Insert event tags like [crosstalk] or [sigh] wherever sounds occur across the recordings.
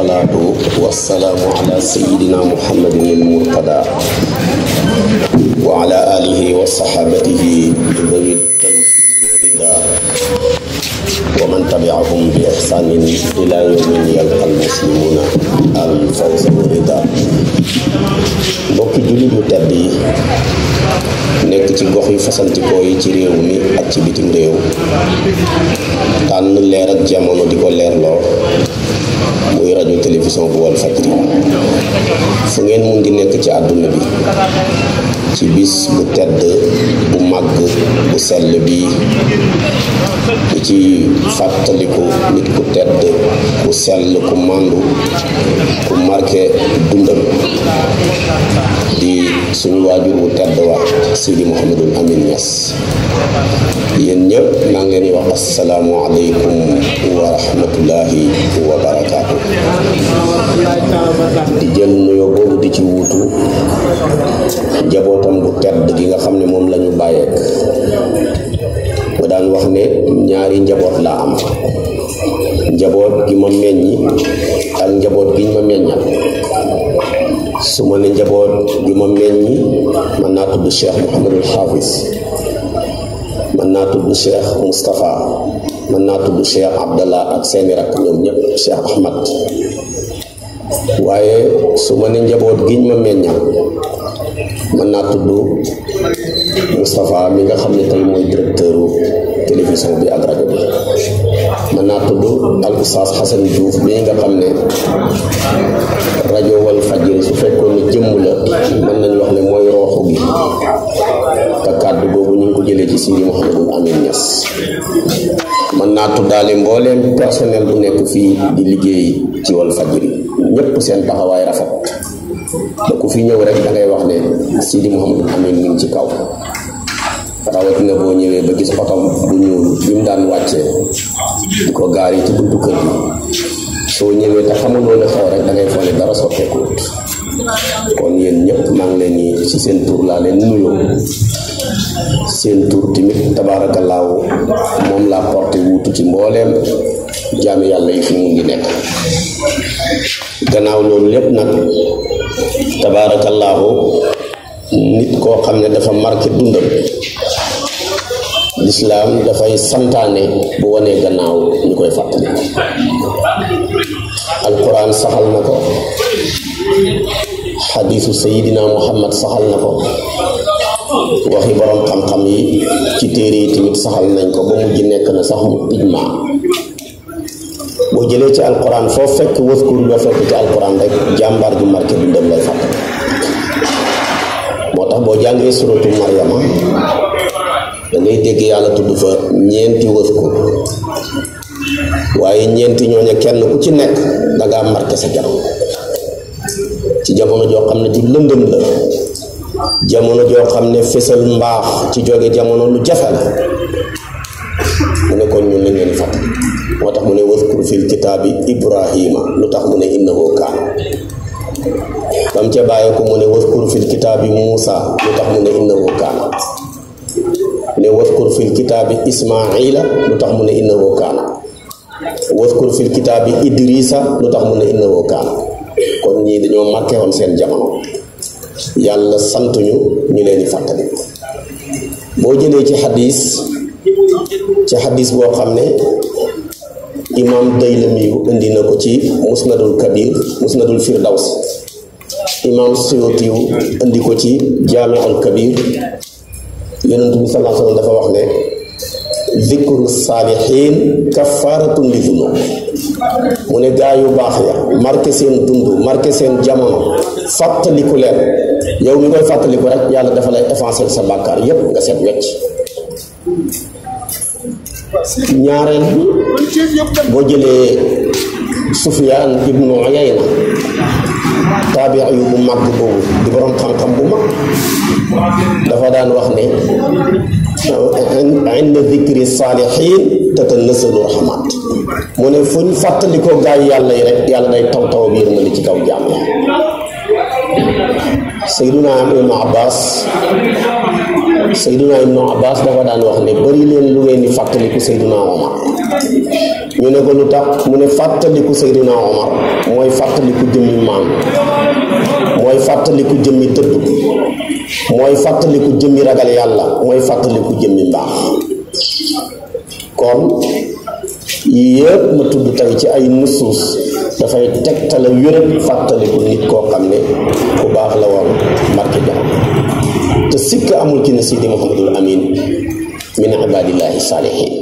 wasalaatu wasalaamu ala sayidina muhammadin il murtada wa ala alihi wa saxaabatihi dawi tawfiida wa man tabiahum bi ixsaanin ila yawmin yalqal muslimuuna al fawz wa rida mbokki jullit yu tedd yi nekk ci gox yu fasantikoo yi ci réew mi ak ci bitim réew tànn leer ak jamono di ko leerloo muy rajo télévision bu wal fajri fu ngeen mun di nekk ci àdduna bi ci bis bu tedd bu màgg bu sell bi di ci fàttaliku nit ku tedd bu sell ku màndu ku marqué dundam di suñu waajur wu tedd wax Sidi Mouhamadul Amin Niass yéen ñëpp naa ngi leen di aleykum wa wa barakaatu di jalan nuyoo di ci wuutu jabootam bu tedd gi nga xam ne moom la ñu bàyyeek ba daan wax ne ñaari njaboot laa am njaboot gi ma meññi ak gi ne gi meññi man cheikh man cheikh mën naa tudd cheikh abdallah ak seeni rak ñom ñep cheikh ahmad waye suma ne njabot giñ ma meññal mën naa tudd mustafa mi nga xamne ne moy directeur télévision bi ak radio bi mën naa tudd al oustaz Hassan Diouf mi nga xamne radio wal fajr su fekkone jëm la man nañ wax ne moy roxu gi bu jele ci sidi muhammadul amin ñas mën naa tuddaale mbooleem personnel bu nek fi di liggéey ci wal fajr ñepp seen taxaway rafet da ku fi ñew rek da ngay wax ne sidi muhammadul amin mi ci kaw rawat na bo ñewé ba gis otom bu ñuul bim daan wàccee ko gaari ci buntu kër bi soo ñëwee te xamuloo ne xaw rek da ngay foone dara sotteekuwut kon yéen ñepp maa ngi leen ni ci seen tour la leen nuyo seen tur tamit tabaarakallaahu moom laa porté wuutu ci mbooleem jaami yàlla yi fi mu ngi nekk gannaaw loolu lépp nag tabaarakallaahu nit koo xam ne dafa marqué dundam lislaam dafay santaane bu wanee gannaaw ñu koy fàttali alquran saxal na ko xadiisu sayidina muhammad saxal na ko waxi borom xam-xam yi ci téré yi tamit saxal nañ ko ba mujj nekk na sax mu ijma bo jëlé ci alquran fo fekk waskur lo fekk ci alquran rek jambar ju marké du dem lay fatte motax bo jangé jàngee suratu mariama da ngay dégg yalla tuddu fa ñenti waskur waye ñenti ñoña kenn ku ci nekk da nga marké sa jàng ci jàbono jo xam ci lëndëm la jamono joo xam ne fésal mbaax ci jóge jamono lu jafe la mu ne kon ñun nañ leen fàttali moo tax mu ne waskur fil kitaabi ibrahima lu tax mu ne innahu kaana bam ko mu ne waskur fil kitaabi muusa lu tax mu ne innahu kaana mu ne waskur fil kitaabi ismaila lu tax mu ne innahu kaana waskur fil kitaabi idrisa lu tax mu ne innahu kaana kon ñii dañoo marqué seen jamono yàlla sant ñu leen di fàttali boo jëlee ci xadiis ci xadiis boo xam ne imaam Daylami indi na ko ci musnadul kabir musnadul firdaws imaam Suyuti indi ko ci jaamiul kabir yonent bi sallallahu alayhi wasallam dafa wax ne zikru saalihiin kafaaratun li mu ne gaa yu baax ya marqué seen dund marqué seen jamono fàttaliku leen yow mi koy fàttaliku rek yàlla dafa lay effacer sa bàkkaar yépp nga seet wecc ñaareel boo jëlee Sufyaan ibnu Uyayna taabiix yu bu mag boobu di borom xam-xam bu mag dafa daan wax ne inda dikri saalixiin tatanazzalu rahmaat mu ne fu ñu fàttalikoo gaay yàlla yi rek yàlla day taw taw biir ma li ci kaw jàmm sayduna ibnu abbas sayduna ibnu abbas dafa daan wax ne bari leen lu ngeen fàttaliku sayduna omar ñu ne ko lu tax mu ne fàttaliku sayduna omar mooy fàttaliku jëmmi maam mooy fàttaliku jëmmi dëdd mooy fàttaliku jëmmi ragal yàlla mooy fàttaliku jëmmi mbaax kon yëpp ma tudd tey ci ay nusuus dafay tegtale wérab fàttaliku nit koo xam ne ku baax la woon marke jaxam te sikk amul ci ne Sidi Muhammadul Amin min ibadillahi saalihin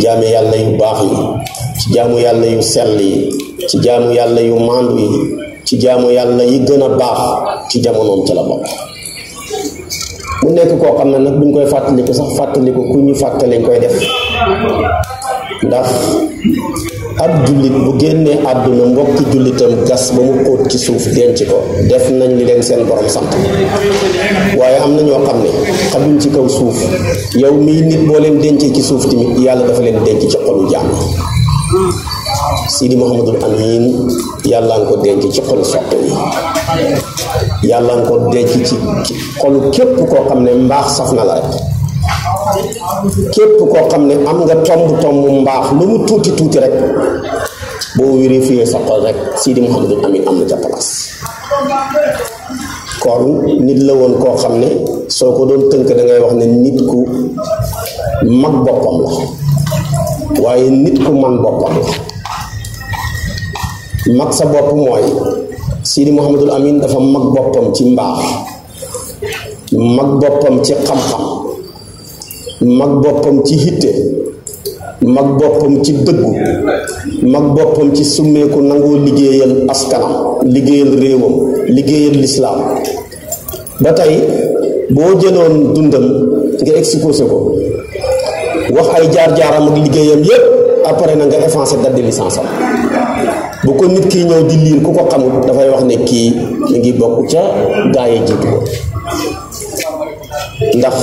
jaamu yàlla yu baax yi ci jaamu yàlla yu sell yi ci jaamu yàlla yu maandu yi ci jaamu yàlla yi gën a baax ci jamonoom ca la bokk mu nekk koo xam ne nag duñ koy fàttaliku sax fàttaliku ku ñu fàttali koy def ndax ab jullit bu génnee àdduna mbokki jullitam gas ba mu xóot ci suuf denc ko def nañ li leen seen borom sant waaye am na ñoo xam ne xamuñ ci kaw suuf yow mii nit boo leen dencee ci suuf tamit yàlla dafa leen denc ci xolu jàmm Sidi Mouhamadul Amin yàlla nga ko denc ci xolu soppe yàlla nga ko denc ci xolu képp koo xam ne mbaax saf na la rek képp koo xam ne am nga tomb tomb mbaax lu mu tuuti tuuti rek boo vérifié sa xol rek Sidi Mouhamadou Amine am na ca place kon nit la woon koo xam ne soo ko doon tënk da wax ne nit ku mag boppam la waaye nit ku man boppam la mag sa bopp mooy Sidi Mouhamadou Amine dafa mag boppam ci mbaax mag boppam ci xam-xam mag bopam ci hitte mag bopam ci deug mag bopam ci ko nango liggéeyal askanam liggéeyal réewam liggéeyal lislaam batay bo boo dundal dundam nga exposé ko wax ay jaar-jaaram ak liggéeyam yépp après na nga effacé date de licence bu ko nit ki ñew di lire ku ko xamul fay wax ne ki ngi bokku ca ndax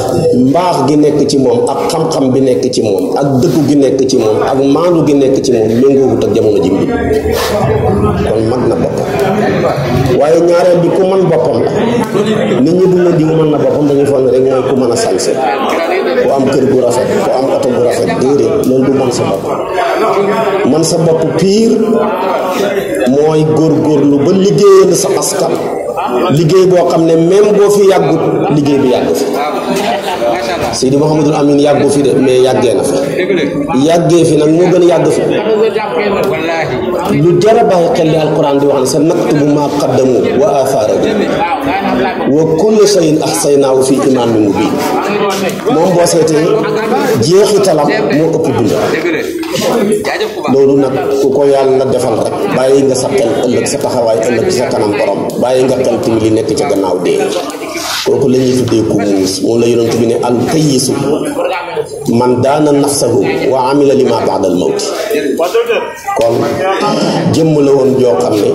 mbax gi nek ci mom ak xam-xam bi nek ci mom ak deug gi nek ci mom ak manu gi nek ci moom wut ak jamono ji mbi kon mag na bokk waye ñaare bi ku man boppam ñi bu man na boppam dañuy fon rek mooy ku mën a sanse ku am kër gu rafet ku am auto bu rafet lool du man sa man sa pire gor lu ba liggéeyal sa askan liggéey boo xam ne même boo fi yàggut liggéey bi yàgg fi Seydi Mouhamadul Amin yàggu fi de mais yàggee na fa yàggee fi nag moo gën yàgg fi lu jar a xel li alquran di wax ne sa naktubu maa qaddamu wa aathaara wa kulli shay'in ahsaynaahu fi imaamin mubiin moom boo seetee jeexitalam moo ëpp dunda loolu nag ku ko yàlla defal rek bàyyi nga sa xel ëllëg sa taxawaay ëllëg sa kanam borom bàyyi nga xel tamit li nekk ca gannaaw dee kooku la ñuy tuddee ku muus moom la yonent bi ne al man daana nafsahu wa amila lima baada al mawt kon jëmm la woon joo xam ne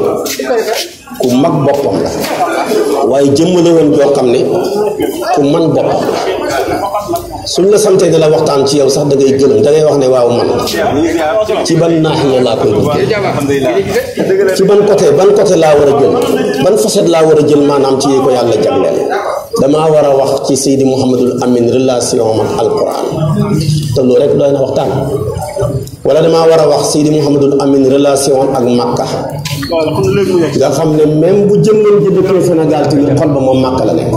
ku mag boppam la waaye jëmm la woon joo xam ne ku man boppam suñ la santee di la waxtaan ci yow sax da ngay gëlëm da wax ne waaw man ci ban naaxiya laa koy duggee ci ban côté ban côté laa war a jël ban foset laa war a jël maanaam ci ko yàlla jagleel damaa war a wax ci Seydi Mouhamadul Amin relation ak alquran te loolu rek doy na waxtaan wala damaa war a wax Seydi Mouhamadul Amin relation ak Makka nga xam ne même bu jëmmal ji dëkkee Sénégal tamit xol ba moom màkk la nekk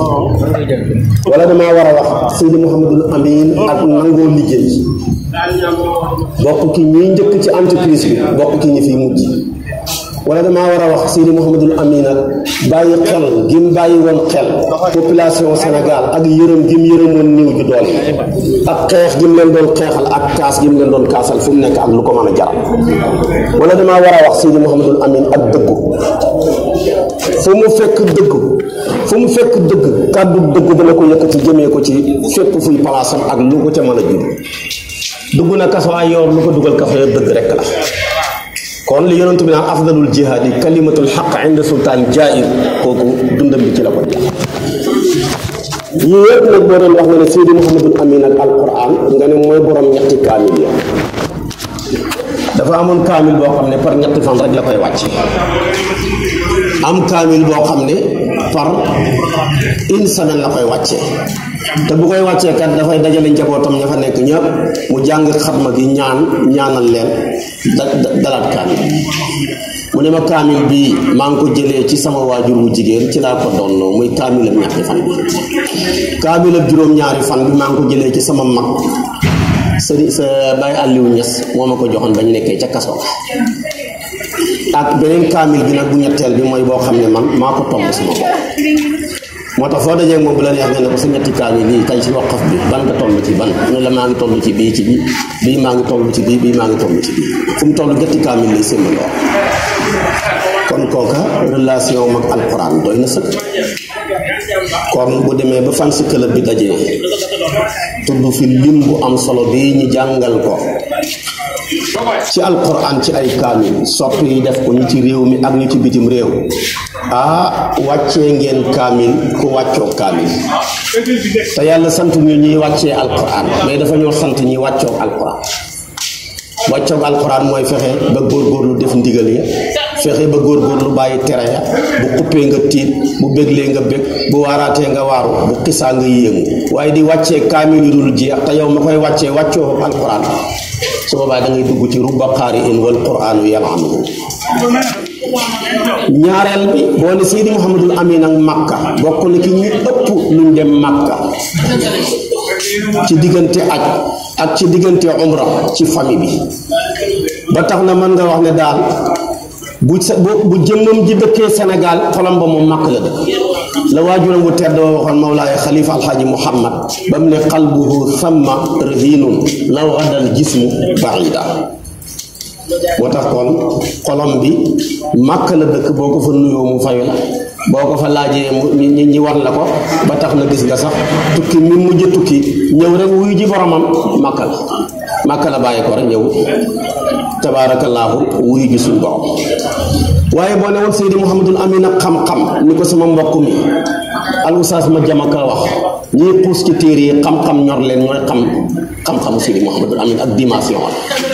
wala damaa war a wax Seydi Mouhamadul Amin ak nangoo liggéey bokk ki ñuy njëkk ci entreprise bi bokk ki ñu fiy mujj wala damaa war a wax Sidi Mouhamadul Amina bàyyi xel gim bàyyi woon xel population Sénégal ak yërëm gim yërëm woon néew ju doole ak xeex gim leen doon xeexal ak kaas gim leen doon kaasal fu mu nekk ak lu ko mën a jaral wala damaa war a wax Sidi Mouhamadul Amine ak dëggu fu mu fekk dëgg fu mu fekk dëgg kàddu dëgg dana ko yëkkati jëmee ko ci fépp fuy palaasam ak lu ko ca mën a jur dugg na kaso ay yoon lu ko dugal kaso yëpp dëgg rek la. kon li yonentou bi afdalul jihad kalimatul haqq inda sultan jair koku dundam bi ci la ko ñu yépp yëpp nag boo doon wax nga ne Seydi Mouhamadul Amin ak alquran nga ne mooy borom ñetti kaamil ya dafa amoon kaamil boo xam ne par ñetti fan rek la koy wàcc am kaamil boo xam ne par une semaine la koy wàcce Kan, da bu koy wacce kat dafay dajale njabootam ña fa nekk ñëpp mu jang xatma gi ñaan ñaanal leen dalat kan mu ne ma kamil bi ma ngi ko jele ci sama wajur wu jigen ci la ko donnoo muy ak ñaari fan bi ak juroom ñaari fan bi ma ngi ko jele ci sama mak seri se bay aliou ñess moma ko joxon bañ nekké ci kasso ak benen kamil bi nak bu ñettel bi moy bo xamne man mako tomb sama motax fo dajé mom bu la neex ini, ko sa ñetti kaamil yi tay ci waqaf bi ban nga tollu ci ban ñu la ma ngi tollu ci bi ci bi bi ma ngi tollu ci bi bi ma ngi tollu ci bi fu mu tollu ñetti kon koka relation mak alquran doy na sëkk kon bu demee ba fan club bi dajé tuddu fi bu am solo bi ko ci alquran ci ay kami, soppi def ko ni ci rew mi ak ni ci bitim rew a ah, wacce ngeen kaamil ku wàccoo kaamil ta yalla sant ñu ñi wacce alquran may dafa ñu sant ñi wàccoo alquran wàccoog alquran moy fexé ba lu def ndigal ya fexé ba lu baye tera ya bu uppe nga tiit bu begle nga beg bu warate nga waru bu xisa nga yeng waye di wàccee kaamil dul jeex ta yow makoy wacce alquran su boobaa da ngay dugg ci rubba qaari in wal quraanu yalanuhu ñaareel bi boo ne Seydi Mouhamadul Amin ak Makka bokk na ci ñi ëpp luñ dem Makka ci diggante aj ak ci diggante umra ci famille bi ba tax na mën nga wax ne daal bu sa bu jëmmam ji dëkkee Sénégal xolam ba moom màkk la dëkk la waajuram bu tedd ba waxoon Mawlaay Xalifa Alxaaji Muhammad ba mu ne qalbuhu samma rahinun law gadal jismu barida moo tax kon xolom bi màkk la dëkk boo ko fa nuyoo mu fayu boo ko fa laajee ñi ñi war la ko ba tax na gis nga sax tukki mi mujj tukki ñëw rek wuyu ji boromam màkk la màkk la bàyyi ko rek ñëw tabarakallah wuyu ji suñ borom waaye boo ne woon amin kham kham niko sama mbokk mi al ustaz ma jamaka wax pous ci téré kham kham ñor leen kham kham kham sayyid muhammadul amin ak dimension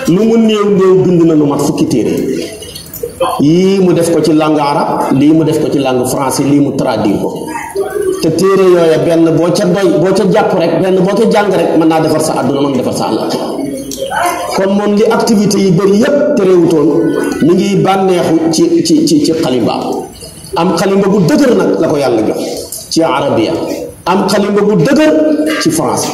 lu mu neew néew bind na lu ma fukki téré yi mu def ko ci langue arab li mu def ko ci langue français li mu traduire ko te téré yooya ben bo ca doy bo ca japp rek ben bo ca jang rek man na defar sa aduna man defar sa allah kon moom li activité yi bëri yépp terewutoon mi ngi bànneexu ci ci ci ci xalimba am xalimba bu dëgër nag la ko yàlla jox ci arabia am xalimba bu dëgër ci français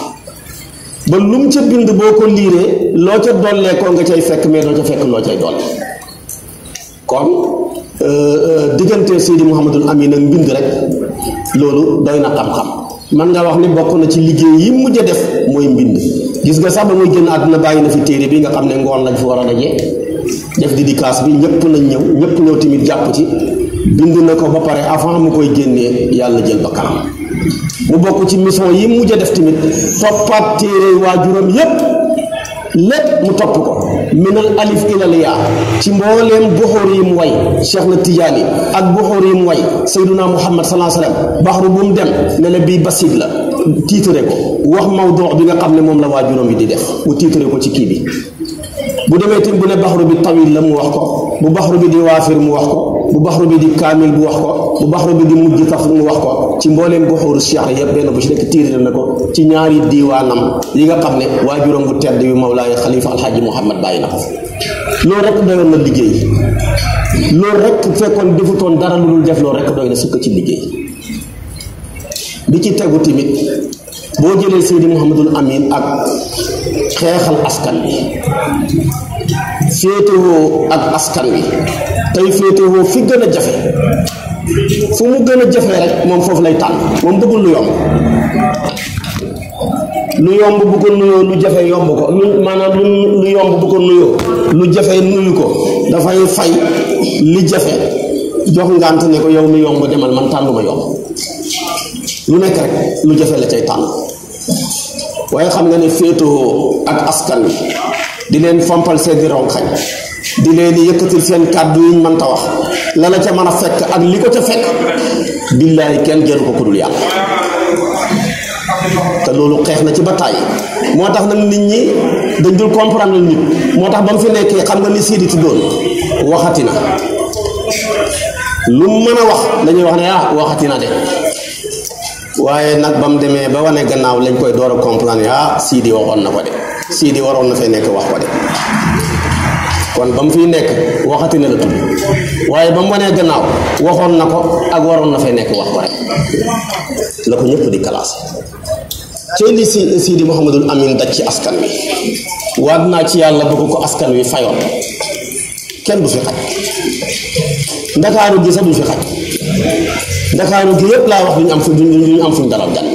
ba lu ca bind boo ko liiree loo ca dollee ko nga cay fekk mais doo ca fekk loo cay dolle kon euh, euh, diggante Seydi Mouhamadul Amin mbind rek loolu doy na xam-xam man nga wax ni bokk na ci liggéey yi mujj a def mooy mbind gis nga sax ba muy génn àdduna bàyyi na fi téere bi nga xam ne ngoon lañ fi war a dajee def dédicace bi ñëpp lañ ñëw ñëpp ñëw tamit jàpp ci bind na ko ba pare avant mu koy génnee yàlla jël ba kanam mu bokk ci mission yi mujj a def tamit toppaat téere waajuram yépp lépp mu topp ko minal alif ilal yaa ci mbooleem boxoor yi mu way Cheikh na Tijaani ak boxoor yi mu way Seyduna Muhammad salaa sallam baxru bu mu dem ne bii basid la titre ko wax mawdu' bi nga xamne mom la wajurum bi di def mu titre ko ci ki bi bu demé tim bu ne bahru bi tawil lam wax ko bu bahru bi di wafir mu wax ko bu bahru bi di kamil bu wax ko bu bahru bi di mujji taf mu wax ko ci mbooleem buxuuru cheikh yeb ben bu ci nek titre nako ci ñaari diwanam yi nga xamne wajurum bu tedd bi mawlaay xalifa alxaaji muhammad bàyyi na ko loolu rek doyoon na liggey lo rek fekkon defuton dara lu dul def lo rek doyna sukk ci liggey bi ci tegu timit boo jëlee Seydi Mouhamadul Amin ak xeexal askan bi féetewoo ak askan wi tey féetewoo fi gën a jafe fu mu gën a jafee rek moom foofu lay tànn moom bëggul lu yomb lu yomb bu ko nuyoo lu jafe yomb ko lu maanaam lu lu yomb bu ko nuyoo lu jafe nuyu ko dafay fay li jafe jox ngant ne ko yow mi yomb demal man tànnuma yomb lu nek rek lu jafe la cay tànn waaye xam nga ne féetoo ak askan di len fompal seeni ronxañ di leen sen kaddu yi man ta wax la la ca mën a ak liko ca fekk billahi kenn jëru ko ko dul yalla te lolu xex na ci bataay motax moo nit ñi dañ dul comprendre nit motax bam fi nekkee xam nga ni sidi ci doon waxatina lu mëna wax dañuy wax ne ah waxatina de waaye nak bam deme demee ba wane gannaaw lañ koy door a comprendre ah siidi waxoon na ko de siidi waroon na fee nekk wax ko de kon ba mu fiy waxati na la tudd waaye ba mu gannaaw waxoon na ko ak waroon na fe nekk wax ko rek la ko di classé ci li si siidi muhammadul amin daj askan wi waat naa ci yàlla bëgg ko askan wi fayoon kenn du fi xaj ndakaaru gi sax du fi xaj ndakaaru gi yépp laa wax duñu am fu duñu am fuñ dalal gan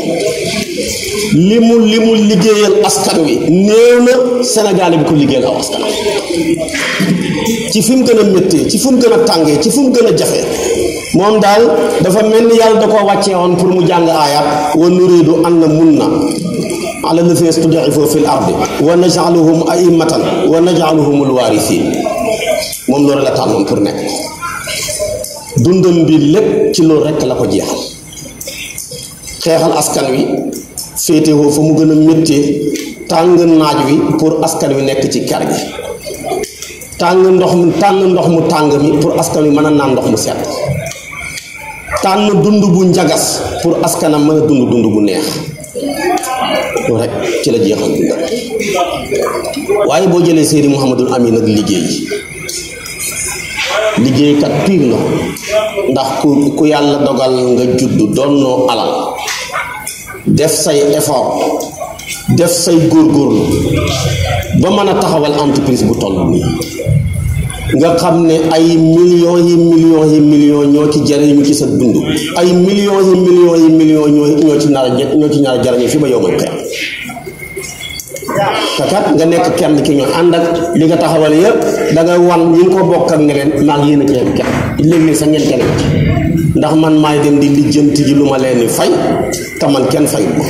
li mu li mu liggéeyal askan wi néew na Sénégal bi ko liggéeyal aw askan ci fi mu gën a méttee ci fu mu gën a tàngee ci fu mu gën a jafe moom daal dafa mel ni yàlla da koo wàccee woon pour mu jàng aayat wa nuridu an namunna ala allazina stud'ifu fil ardi wa naj'aluhum a'immatan wa naj'aluhum alwarithin moom loolu la tànnoon pour nekk dundam bi lepp ci lool rek la ko jeexal xeexal askan wi féetewoo fa mu gëna metti tang naaj wi pour askan wi nekk ci kar gi tang ndox mu tang ndox mu tang mi pour askan wi mën naan ndox mu set tànn dund bu njagas pour askanam mën dund dund bu neex loolu rek ci la jeexal waye bo boo jëlee muhammadul amin ak liggéey liggéeykat kat la ndax ku ku yalla dogal nga judd donno alal def say effort def say gor ba mën taxawal entreprise bu tollu ni nga xamne ay millions yi millions yi millions ñoo ci mu ci sa dund ay millions yi millions yi millions ñoo ñoo ci nar ñoo ci nar jarri fi ba yow nga te kat nga nek kenn ki ñu andak li nga taxawal yëpp da nga wan yi ko bokkal ne leen ci kenn léegi ne ñent ñenteel ndax man may dem di lijjanti ji luma leni fay ta man kenn fay ko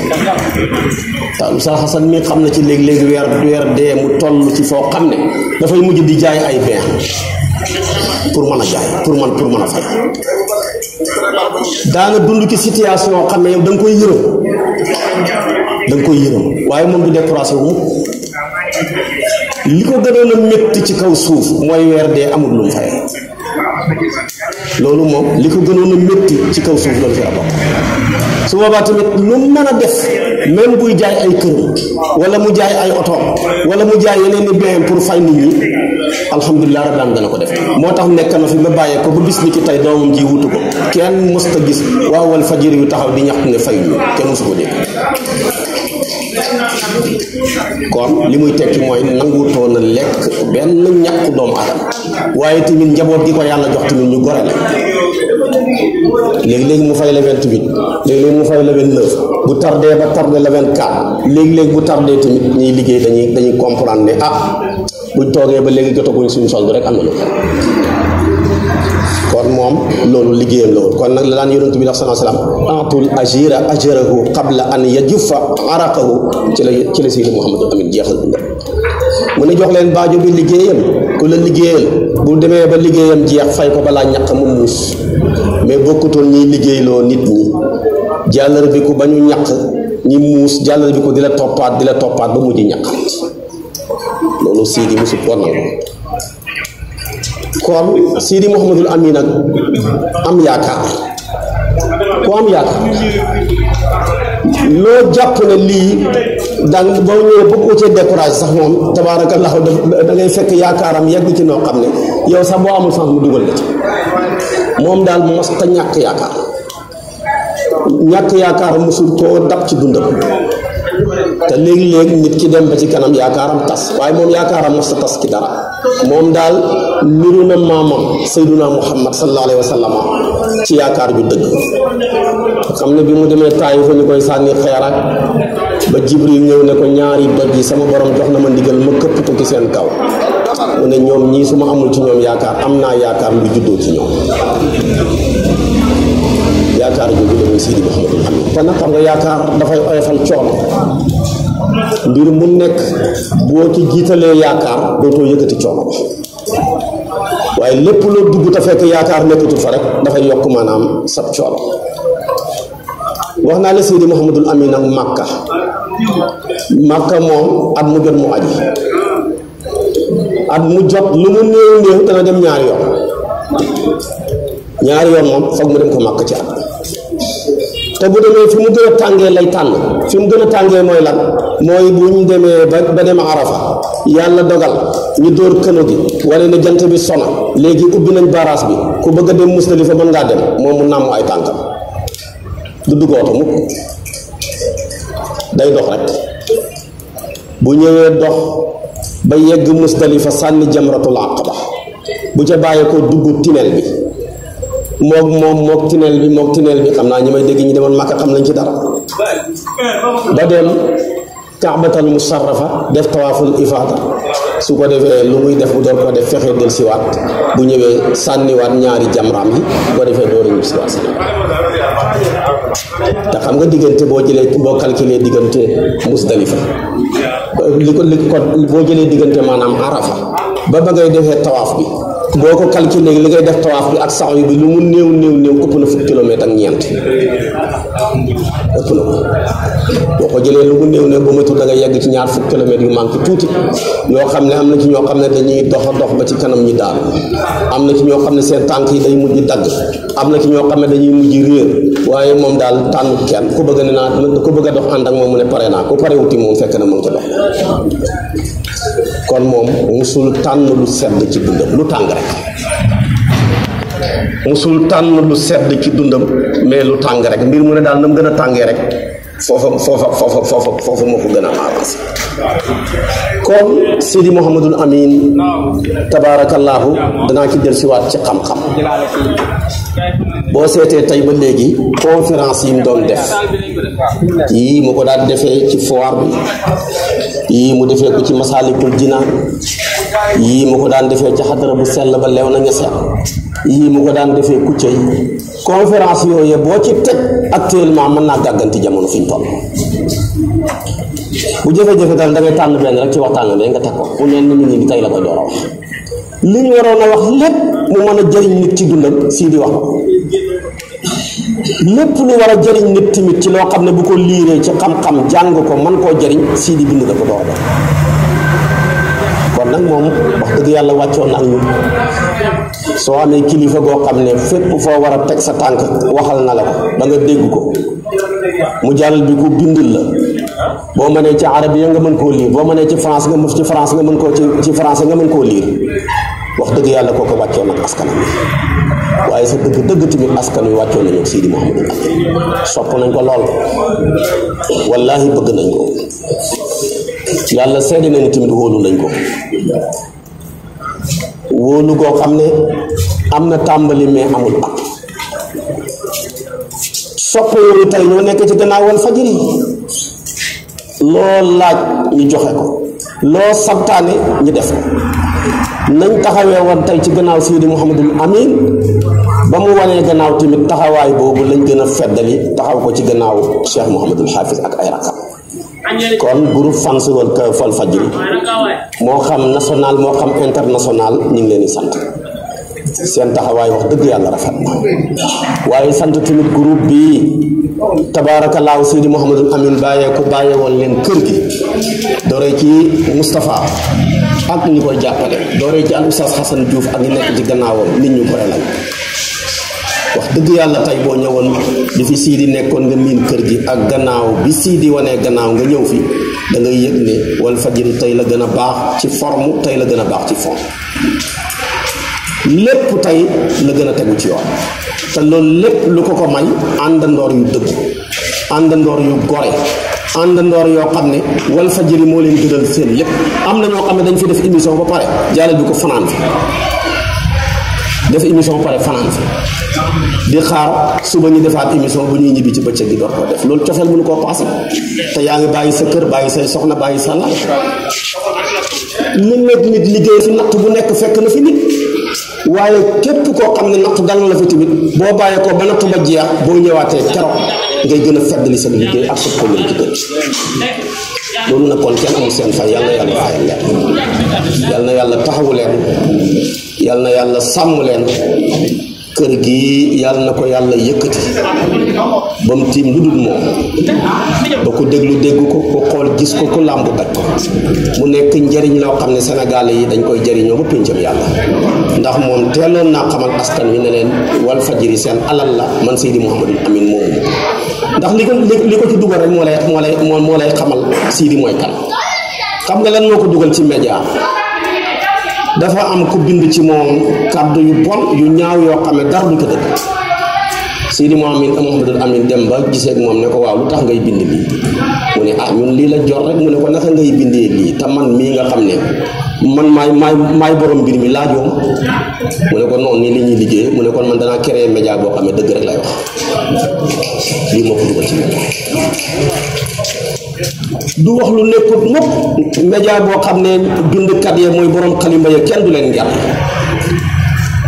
te Oustaz Hassan mi xamna ci leg leg wer wer de mu toll ci fo xamne da fay mujj di jaay ay bex pour mën jaay pour man pour mën fay da na dund ci situation xamne yow koy yërëm dang koy yërëm waye moom du découragé wu liko ko metti ci kaw suuf moy wer de amul lu fay loolu moom li ko gënoon a métti ci kaw suuf la fi su boobaa tamit lu mën a def même buy jaay ay kër wala mu jaay ay oto wala mu jaay yeneen i pour fay nit ñi alhamdulilah rabbil alamin dana ko def moo tax nekk na fi ba bàyyee ko ba bis ni ki tey doomam ji wutu ko kenn mës gis waaw wal fajir yu taxaw di ñaxtu ne fayuñu kenn mësu ko dégg kon li muy tekki mooy nanguutoon a lekk benn ñàkk doomu aadama waaye tamit njaboot gi ko yàlla jox tamit ñu gore la léegi-léegi mu fay le vingt-huit léegi-léegi mu fay le vingt bu tardé ba tardé le vingt léegi-léegi bu tardee tamit ñuy liggéey dañuy dañuy comprendre ne ah buñ toogee ba léegi jotaguñ suñu sol bi rek am na lu kon moom loolu liggéeyam la woon kon nag la daan yonent bi sallallahu alayhi wasallam atul ajira ajrahu qabla an yajufa araqahu ci la ci la Seydi Muhammadu Amin jeexal dund mune jox len baaju bi liggéeyam ku la liggéeyal bu deme ba liggéeyam jeex fay ko bala ñak mu mus mais ñi ñiy lo nit ñi jallar bi ku bañu ñak ñi mus jallar bi ko dila topat dila di ba mu di ñak lolu sidi musu ponal ko am sidi muhammadul amin ak am yaakaar ko am yaakaar lo japp na li donc boo ñëwee bëgg ko cee découragé sax moom tabaarakallah da ngay fekk yaakaaram yegg ci noo xam ne yow sax boo amul chance mu dugal la ci moom daal mos ta ñàkk yaakaar ñàkk yaakaar mosul koo dab ci dundam te léegi-léegi nit ki dem ba ci kanam yaakaaram tas waaye moom yaakaaram mos ta tas ci dara moom daal niru na maamam sayduna muhammad sa alayhi wa sallam ci yaakaar bi dëgg xam ne bi mu demee taayu fa ñu koy sànni xeer ak ba jibril ñëw ne ko ñaari doj yi sama borom jox na ma ndigal ma këpp ko ci seen kaw mu ne ñoom ñii su ma amul ci ñoom yaakaar am naa yaakaar lu juddoo ci ñoom yaakaar jooju nga yaakaar dafay oyofal coono mbir mu nekk boo ci jiitalee yaakaar dootoo yëkkati coono ba waaye lépp loo dugg te fekk yaakaar nekkatul fa rek dafay yokk am sab coono waxna la sayyid muhammadul amin ak makkah makkah mom at mu jot mu aji at mu jot lu mu neew neew dana dem ñaar yoon ñaar yoon mom fakk mu dem ko makkah ci ak te bu demee fi mu gën a tàngee lay tànn fi mu gën a tàngee mooy lan mooy bu ñu demee ba ba dem arafa yàlla dogal ñu door këno gi wala ne jant bi sona léegi ubbi nañ baras bi ku bëgg a dem musdalifa mën ngaa dem moom mu nàmm ay tànkam du dugg oto mukk day dox rek bu ñëwee dox ba yegg musdalifa sànni jamratul aqaba bu ca bàyyi ko dugg tineel bi mook moom moo tineel bi mook tineel bi xam naa ñu may dégg ñi demoon Makka xam nañ ci dara ba dem kaabatal musarrafa def tawaaful ifaada su ko defee lu muy def bu door ko def fexee del bu ñëwee sànniwaat ñaari jamraam yi bu ko defee dooru ñib te xam nga diggante boo jëlee boo calculer diggante musdalifa li ko li ko boo jëlee diggante maanaam arafa ba ba ngay defee tawaaf bi boko calculer li ngay def tawaf bi ak sax bi lu mu new new néew ëpp na fukki kilomètre ak ñent ëpp na ko boo lu mu néew néew ba matul da nga yegg ci ñaar fukki kilomètre yu manki tuuti ño xam ne ci ño xam ne dañuy dox dox ba ci kanam ñi daal amna ci ño xam ne tank yi day mujj dagg am ci ño xam ne dañuy mujj reer waye mom daal tànn kenn ku bëgg ne naa ku bëgg dox and ak mom mu ne paré na ku parewuti moom fekk na mu ko dox kon moom musul tànn lu sedd ci dundam lu tàng rek musul tànn lu sedd ci dundam mais lu tàng rek mbir mu ne daal na mu gën a tàngee rek foofa foofa foofa foofa foofa moo ko gën a avancé kon Sidi Mouhamadul Amin tabaarakallaahu danaa ci dellusiwaat ci xam-xam boo seetee tey ba léegi conférence yi mu doon def yii mu ko daan defee ci foire bi yii mu defee ko ci Masaalikul Jinaan yii mu ko daan defee ci xadara bu sell ba leew na nga seet yii mu ko daan defee kucca yi conférence yooyu boo ci teg actuellement mën naa gàgganti jamono fi ñu toll bu jafe-jafe daal da ngay tànn benn rek ci waxtaan bi nga teg ko mu mel ni nit ñi tey la ko door a wax ñu waroon a wax lépp mu mën a jëriñ nit ci dundam sii di wax ko lépp lu war a jëriñ nit tamit ci loo xam ne bu ko liiree ci xam-xam jàng ko mën koo jariñ sii di bind la ko door kon nag moom wax dëgg yàlla wàccoon na ak ñun soo amee kilifa goo xam ne fépp foo war a teg sa tànk waxal na la ko ba nga dégg ko mu jàll bi ku bindil la boo ne ci arab ya nga mën koo liir boo mënee ci France nga mën ci France nga mën koo ci france français nga mën koo liir wax dëgg yàlla koo ko wàccoo nag askanam waaye sa dëgg dëgg tamit askan wi wàccoo nañu Sidi Mouhamadou Mbacké sopp nañ ko lool wallaahi bëgg nañ ko yàlla seede na ni tamit wóolu lañ ko wóolu goo xam ne am na tàmbali mais amul ab sopp yooyu tey ñoo nekk ci gannaaw gannaawal fajiri loo laaj ñu joxe ko loo santaane ñu def ko nañ taxawee woon tey ci gannaaw Seydi Mouhamadul Amin ba mu wanee gannaaw timit taxawaay boobu lañ gën a feddali taxaw ko ci gannaaw Cheikh Mouhamadul Hafiz ak ay raqam kon groupe fans wal fal fajri moo xam national moo xam international ñu ngi leen di sant seen taxawaay wax dëgg yàlla rafet waaye sant tamit groupe bi tabaarakallaahu seydi mouhamadul amin bàyyee ko bàyyee woon leen kër gi dooree ci Moustapha ak ñu koy jàppale dooree ci al oustaz Xasan Diouf ak ñu nekk ci gannaawam nit ñu koy lay dëgg yàlla tey boo ñëwoon di fi Sidi nekkoon nga miin kër gi ak gannaaw bi sii di wanee gannaaw nga ñëw fi dangay ngay yëg ne wal tey la gën a baax ci forme tey la gën a baax ci forme lépp tey la gën a tegu ci yoon te loolu lépp lu ko ko may àndandoor yu dëgg àndandoor yu gore àndandoor yoo xam ne wal fajiri moo leen gënal seen lépp am na ñoo xam ne dañ fi def émission ba pare jàllale bi ko fanaan fi def émission pare fanaan fi di xaar suba ñu defaat émission bu ñuy ñibbi ci bëccëg di door koo def loolu cofeel mënu koo paase te yaa ngi bàyyi sa kër bàyyi say soxna bàyyi sa lal li nekk nit liggéey fi natt bu nekk fekk na fi nit waaye képp koo xam ne dal na la fi tamit boo bàyyee ko ba natt ba jeex boo ñëwaatee keroog ngay gën a li sa liggéey ak sa commune ci loolu nag kon kenn amul seen fay yàlla yàlla fayal leen yàlla na yàlla taxawu leen yàlla na yàlla sàmm leen kër gi yàlla na ko yàlla yëkkati ba mu tiim lu dul moom ba ku déglu dégg ko ku xool gis ko ku làmb daj ko mu nekk njariñ loo xam ne Sénégalais yi dañ koy jariñoo ba péncam yàlla ndax moom teeloon naa xamal askan wi ne leen Walfadjri seen alal la man Seydi Mouhamadou Amine moomu ndax li ko li ko ci dugal rek moo lay moo lay moo lay xamal siidi mooy kan xam nga lan moo ko dugal ci média dafa am ku bind ci moom kàddu yu bon yu ñaaw yoo xam ne dara du ko dëgg sidi mohamed mohamadul amin dem ba gisee ak moom ne ko waaw lu tax ngay bind lii mu ne ah ñun lii la jor rek mu ne ko naka ngay bindee lii te man mii nga xam ne man may may may borom bir mi laajoo mu ne ko non ni li ñuy liggéey mu ne kon man dana créer média bo xamé deug rek lay wax li mo ko dugal ci du wax lu nekkut mukk média bo xamné ne kat ye ya moy borom khalima ye ya kenn du leen njar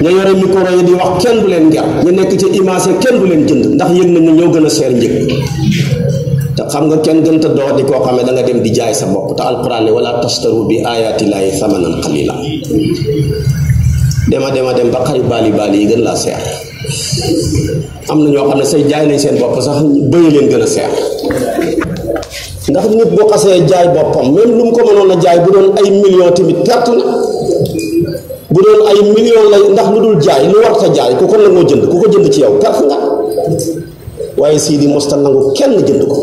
ña yore micro yi ya di wax kenn du len njar ñu nekk ci image kenn du len jënd ndax yeen nañ ñoo gëna a seer xam nga kenn gën ta di ko xamé da nga dem di jaay sa ta alquran wala tastaru bi ayati lahi samanan qalila dema dema dem bakari bali bali gën la seex amna ño xamné say jaay nañ seen bopp sax beuy leen gëna ndax nit bo xasse jaay bopam même lu ko mënon na jaay bu doon ay million timit perte na bu doon ay million lay ndax lu dul jaay lu war sa jaay ku ko mo jënd ku ko jënd ci yow nga waye sidi mustan nangu kenn jënd ko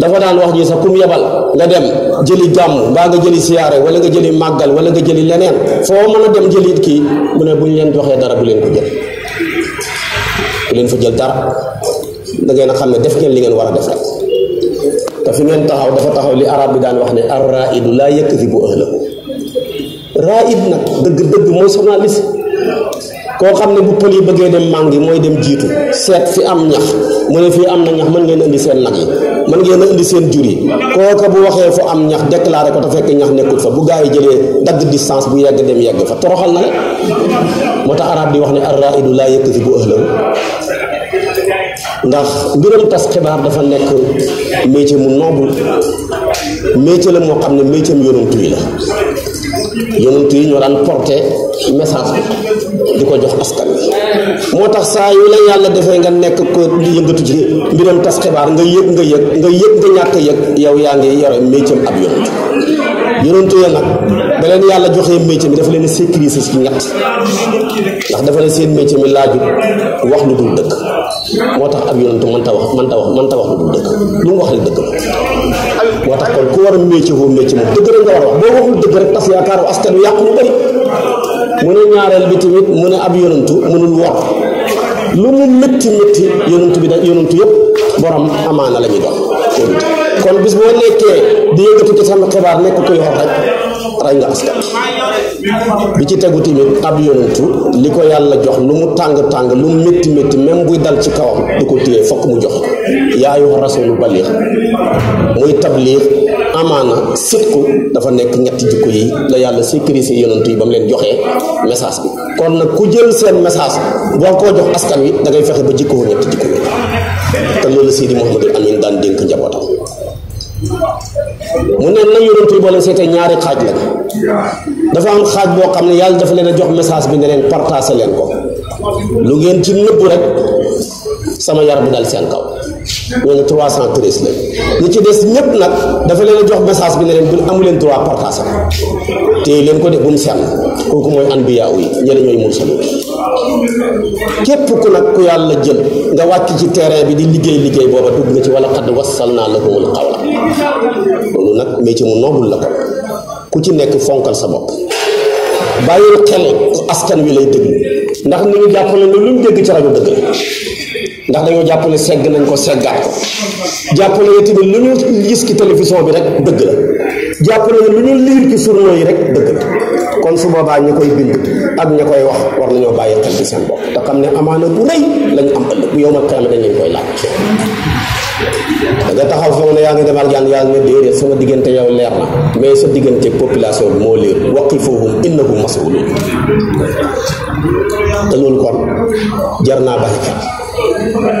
dafa daan wax ji sa kum yabal nga dem jëli gàmm ba nga jëli siyaré wala nga jëli magal wala nga jëli lenen fo mëna dem jëli ki mu ne bu leen dara bu leen ko jël bu leen fa jël dara da ngay na xamné def ngeen li ngeen wara def rek fi ngeen taxaw dafa taxaw li arab bi daan wax ne ar raid la yakthibu ahlahu raid nak deug deug journaliste ko xamne bu poli beugé dem mangi, moy dem jitu, set fi am ñax mune fi am na ñax man ngeen indi seen nag yi mën ngeen indi seen jur yi kooka bu waxee fu am ñax déclaré ko te fekk ñax nekkul fa bu gaa yi jëlee dagg distance bu yegg dem yegg fa toroxal na la moo tax arab di wax ne arraidu laa yëkkati bu ëhlam ndax mbiram tas xibaar dafa nekk métier mu noble métier la moo xam ne métier mu yonantu yi la yonantu yi ñoo daan porter message bi di ko jox askan bi moo tax saa yu la yàlla defee nga nekk ko di yëngatu ci mbiram tas xibaar nga yëg nga yëg nga yëg nga ñàkk yëg yow yaa ngi yore métier ab yonentu yonentu ya nag ba yàlla joxee métier mi dafa leen sécuriser ci ñett ndax dafa ne seen métier mi laajut wax lu dul dëkk moo tax ab yonentu mënta wax mënta wax mënta wax lu dul dëgg lu mu wax rek dëgg moo tax kon ku war a métier foofu métier moom dëgg rek nga war a wax boo waxul dëgg rek tas yaakaaru askan wi yàqu lu bëri mu ne ñaareel bi tamit mu ne ab yonantu mënul wor lu mu métti métti yonantu bi da yonantu yëpp borom amaana la doon kon bis boo nekkee di yëngatu ci sama xibaar nekk koy xor rek rayu askan bi ci tegu timit ab yonentu li ko yàlla jox lu mu tàng-tàng lu mu métti métti même buy dal ci kawam du ko téye fokk mu jox yaayu rasulu balix muy tabliix amaana sitku dafa nekk ñetti jikko yi la yàlla sécurisé yonentu yi ba mu leen joxee message bi kon nag ku jël seen message boo koo jox askan wi da ngay fexe ba jikkoo ñetti jikko yi te loolu Seydi Mouhamadou Amine daan dénk njabootam mu ne la yonent yi boo leen seetee ñaari xaaj lañ dafa am xaaj boo xam ne yàlla dafa leen a jox message bi ne leen partagé leen ko lu ngeen ci nëbbu rek sama yar bi dal seen kaw ñooñu 313 la ñi ci des ñëpp nag dafa leen jox message bi ne leen buñ amu leen droit partage te leen ko def bu mu sell kooku mooy anbiyaaw yi ñeneen ñooy mursalu képp ku nag ku yàlla jël nga wàcc ci terrain bi di liggéey liggéey booba dugg nga ci wala xadd wassal naa la lakumul qawla loolu nag métier mu noobul la ko ku ci nekk fonkal sa bopp bàyyil xel askan wi lay déglu ndax ni ñu jàpp ne lu luñ dégg ci rajo dëgg la ndax dañoo jàpp ne segg nañ ko seggaat ko jàpp ne lu ñu gis ci télévision bi rek dëgg la jàpp ne lu ñu liir ci journaux yi rek dëgg la kon su boobaa ñi koy bind ak ñi koy wax war nañoo bàyyi xel ci seen bopp te xam ne amaana bu rëy lañ am ëllëg bu yow ma xel dañ leen koy laaj. da nga taxaw foog ne yaa ngi dem aljanna yaa ngi ne déedéet sama diggante yow leer na mais sa diggante population bi moo leer waqifuhum innahum mas'ulun te loolu kon jar naa bàyyi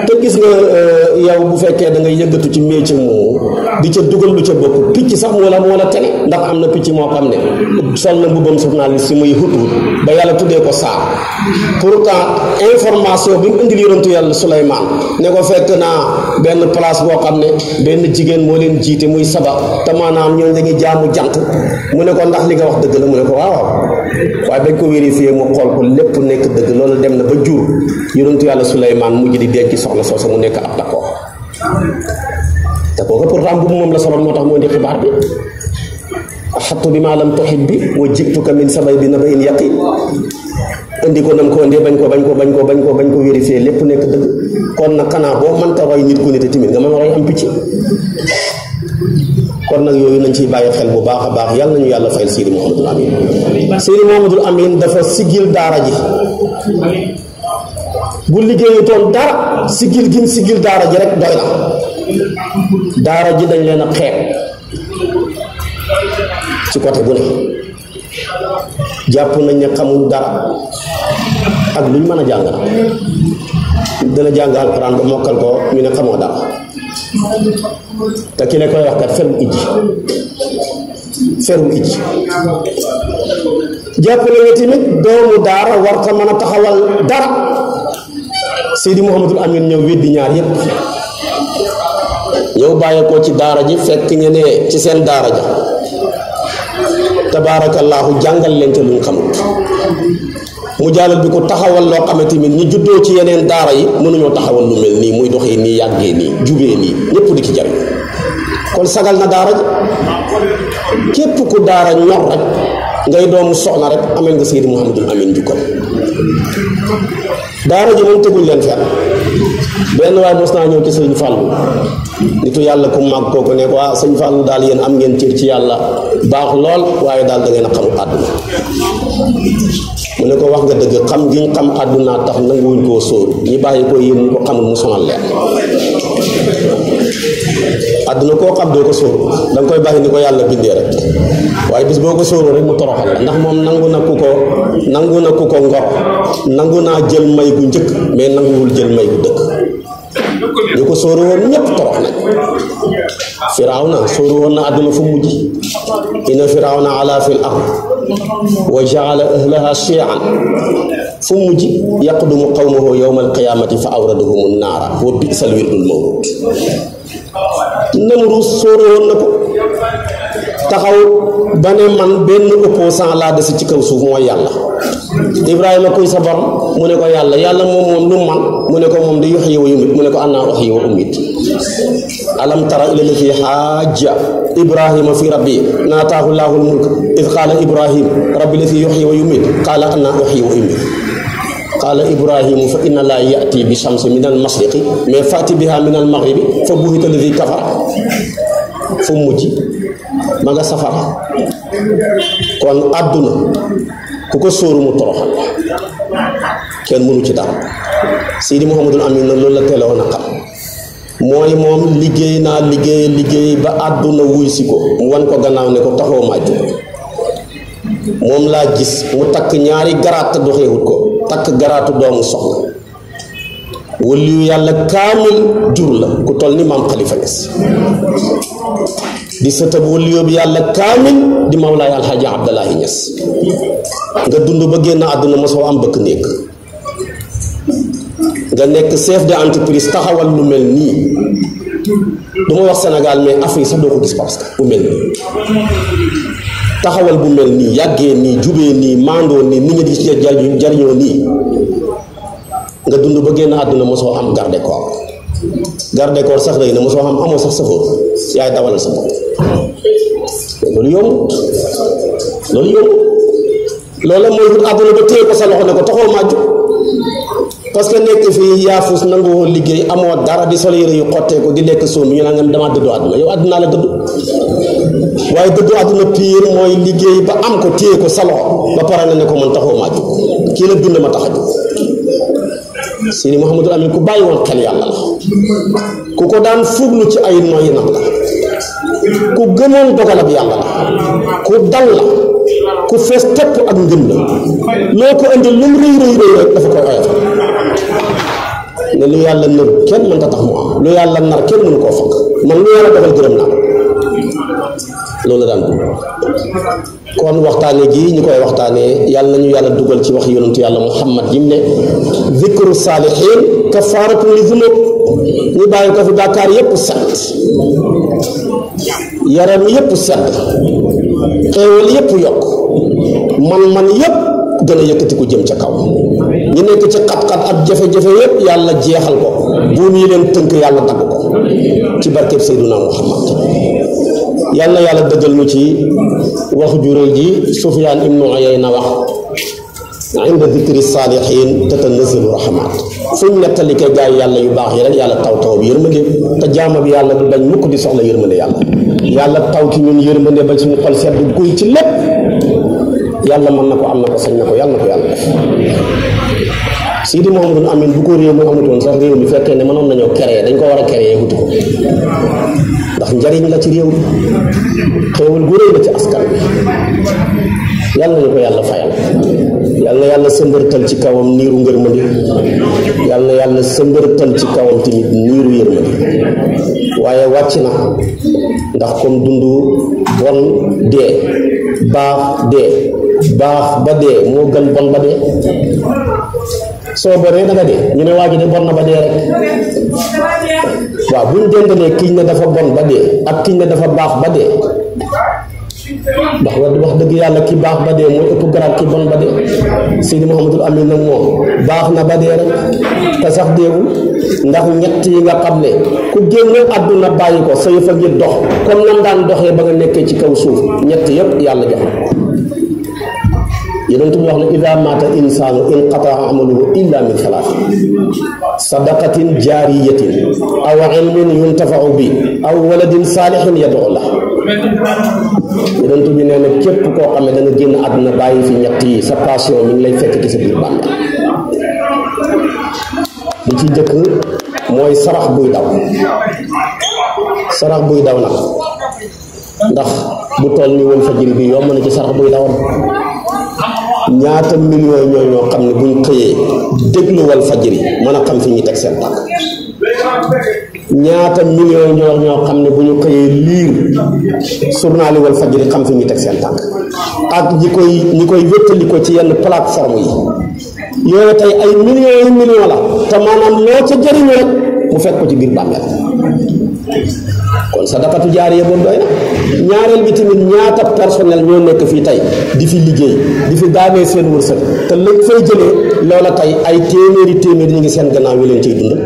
te gis nga euh, yow bu fekkee da nga yëngatu ci métier moomu di ca dugal lu ca bokk picc sax wala moo la tane ndax amna na picc moo xam sol na mbubbam journaliste muy hut hut ba yalla tuddee ko sa pourtant information bi indi indil yonantu yàlla Souleymane ne ko fekk na ben place bo xamne ben jigen mo len leen muy saba ta manam ñoo dañuy jaamu jant mu ne ko ndax li nga wax deug la mu ne ko waaw way dañ ko vérifier mu xol ko lepp nek deug lolu dem na ba jur yalla sulayman mu jidi denc soxla mu nek ab te kooku pourtant mbubb moom la soloon moo tax mu indi xibaar bi axattu bi maa lam toxit bi wa jiktuka min sabay bi naba in yaqin indi ko nam ko indee bañ ko bañ ko bañ ko bañ ko bañ ko vérifié lépp nekk dëgg kon nag xanaa boo mënta roy nit ku nite timit nga mën a roy am picc kon nag yooyu nañ ciy bàyyi xel bu baax a baax yàlla nañu yàlla fayal Seydi Mouhamadul Amin Seydi Mouhamadul Amin dafa sigil daara ji bu liggéeyu toon dara sigil gin sigil daara ji rek doy na dara ji dañ leena xex ci côté bu ne japp nañ ne xamul dara ak luñu mëna a jàngal dana jàng alquran ba mokkal ko ñu ne xamoo dara te ki ne koy wax kat fermu ijji fermu ijji japp nañ ne tamit doomu dara war ta mën taxawal dara sidi muhammadul amin ñew weddi ñaar yépp ñëw bàyyeekoo ci daara ji fekk nga ne ci seen daara ja tabaarakallaahu jàngal leen te luñ xamut mu jàllal bi ko taxawal loo xamante ni ñu juddoo ci yeneen daara yi mënuñoo taxawal lu mel nii muy doxe nii yàggee nii jubee nii ñëpp di ci jariñ kon sagal na daara ji képp ku daara ñor rek ngay doomu soxna rek amel nga Seydi Mouhamadul Amin njukkal daara ji moom tegul leen fenn ben way mos naa ñëw ci serigne fàllu nitu yalla ku mag kooku ne ko ah serigne fàllu dal yeen am ngeen ci ci yalla bax lool waye dal da ngeen xam àdduna ko wax nga deug xam gi xam aduna tax nanguwuñ ko sóoru ñi baye ko yeen ko xam mu sonal le aduna ko xam do ko sóoru dang koy baye ni ko yàlla bindee rek waye bis boko ko rek mu toroxal ndax mom nanguna ku ko ku ko ngor nanguna jël may gu ñëk mais nangul jël may gu dëkk li ko sóori woon ñëpp torox nañ firawna sóori woon na àdduna fu mujj inna firawna ala fil ard wa jaala ahlaha shiyan fu mujj yaqdumu qawmahu yowma alqiyamati fa awradahum nnaara wa bisal wirdul mawrud namru sóori woon na ko taxaw ba ne man benn opposant laa dese ci kaw suuf mooy yàlla Ibrahima kuy sa borom mu ne ko yàlla yàlla moom moom lu man mu ne ko moom di yuhyi wa yumit mu ne ko annaa uhyi wa umit alam tara ila la fi xaaja Ibrahima fi rabbi naa taahu laahu lmulk id qaala Ibrahim rabbi la fi yuhyi wa yumit qaala annaa uhyi wa umit qaala ibrahimu fa inna laa yati bi shamsi min al mashriqi mais fati biha min al maghribi fa buhita alladi kafara fa mujj ma nga safara kon àdduna ku ko sóoru mu toroxal kenn mënu ci dara Seydi Mouhamadul Amin nag loolu la teeloon a xam mooy moom liggéey naa liggéey liggéey ba àdduna wuy si ko mu wan ko gannaaw ne ko taxoo maa moom laa gis mu takk ñaari garaat doxewut ko takk garaatu doomu soxna wëlliwu yàlla kaamul jur la ku toll ni maam xalifa Niass di sa tab wëlu yóbbu yàlla kaamil di Mawlaay Alxaaji Abdalaahi Ñas nga dund ba génn àdduna mosoo am bëkk nga nekk chef de entreprise taxawal lu mel nii du ma wax Sénégal mais Afrique sax que bu mel nii taxawal bu mel nii yàggee nii nii maandoo nii nit ñi di dund ba génn àdduna mosoo am garde corps garde sax rëy na mosoo am amoo sax safoor yaay dawalal sa bopp loolu yomb loolu yomb loola mooy wut àdduna ba téye ko sa loxo ne ko taxoo maa jug parce que nekk fii yaafus nanguwoo liggéey amoo dara di sol yére yu xotteeku di lekk soom ñu naan nga dama dëddu àdduna yow àdduna la ba am ko téye ko sa loxo ba pare nga ne ko man taxoo maa jug la dund ma tax Amin ku fuglu ci ku gëmoon dogalab yàlla la ku dal la ku fees tepp ak ngëm la loo ko indi lu mu rëy rëy rëy rek dafa koy oyofal ne lu yàlla nar kenn mën ta tax mu am lu yàlla nar kenn mënu koo fakk man lu yàlla dogal gërëm naa loolu daan dugg kon waxtaane gi ñu koy waxtaanee yàlla nañu yàlla dugal ci wax yonentu yàlla muhammad yim ne zikru saalihin kafaratun li ñu bàyyi ko fi bàkkaar yépp set yaram yépp set xéewal yépp yokk man-man yépp gën a yëkkati ko jëm ca kaw ñu nekk ci xat-xat ak jafe-jafe yépp yàlla jeexal ko buum yi leen tënk yàlla dagg ko ci barkeb Seydina Muhammad yàlla yàlla dëggal nu ci wax jural ji Sufyaan ibnu Uyayna wax عند ذكر الصالحين تتنزل الرحمات سن نتلك جاي يالا يباخ يالا يالا تاو تاو بيرمد تجامع يالا بلبن نكو دي صغل يرمد يالا يالا تاو كي من يرمد بلس مقل سيد بكوي تلب يالا من نكو عم نكو سن نكو يالا يالا سيدي محمد أمين بكوري محمد ونصر ريو مفاكين من نكو كريه دنكو ورا كريه هتو ndax njariñ la ci réew mi xéewal gu réy la ci askan bi yàlla na ko yàlla fayal yàlla yàlla sëmbërtal ci kawam niiru ngërmande yàlla yàlla sëmbërtal ci kawam tamit niiru yërmande waaye wàcc na ndax comme dund bon dee baax dee baax ba dee moo gën bon ba dee soo boree da nga dee ñu ne waaju de bon na ba dee rek waaw bu ñu dendalee kiñ ne dafa bon ba dee ak kiñ ne dafa baax ba dee ndax wax dëgg yàlla ki baax ba dee mooy ëpp garaat ki bon ba dee Seydi Mouhamadul Amin nag moom baax na ba dee rek te sax deewul ndax ñett yi nga xam ne ku génn àdduna bàyyi ko sa yëf a ngi dox comme nam daan doxee ba nga nekkee ci kaw suuf ñett yëpp yàlla jox yonent bi wax ni idha mata insanu in qataa amaluhu illa min thalath sadaqatin jariyatin aw ilmin yuntafa'u bi aw waladin salihin yad'u lah yonent bi nee na ko koo xam ne da nga génn àdduna bàyyi fi ñetti sa passion ñu lay fekk ci sa biir bàmmeel bi ci jëkk moy sarax buy daw sarax buy daw nak ndax bu toll ni won fa jiri bi yom na ci sarax buy dawal ñaata millions ñoo ñoo xam ne buñ xëyee lu wal fajiri mën a xam fi ñuy teg seen tànk ñaata millions ñoo ñoo xam ne bu ñu xëyee liir journal wal fajiri xam fi ñuy teg seen tànk ak ñi koy ñi koy wéttali ko ci yenn plateforme yi yooyu tey ay millions yi millions la te maanaam loo ca jëriñu mu fekk ko ci biir bàmmeel kon sadaqatu jaariya boobu doy na ñaareel bi tamit ñaata personnel ñoo nekk fii tey di fi liggéey di fi daanee seen wërsëg te lañ fay jëlee loola tey ay téeméeri téeméeri ñu ngi seen gannaaw yu leen ciy dund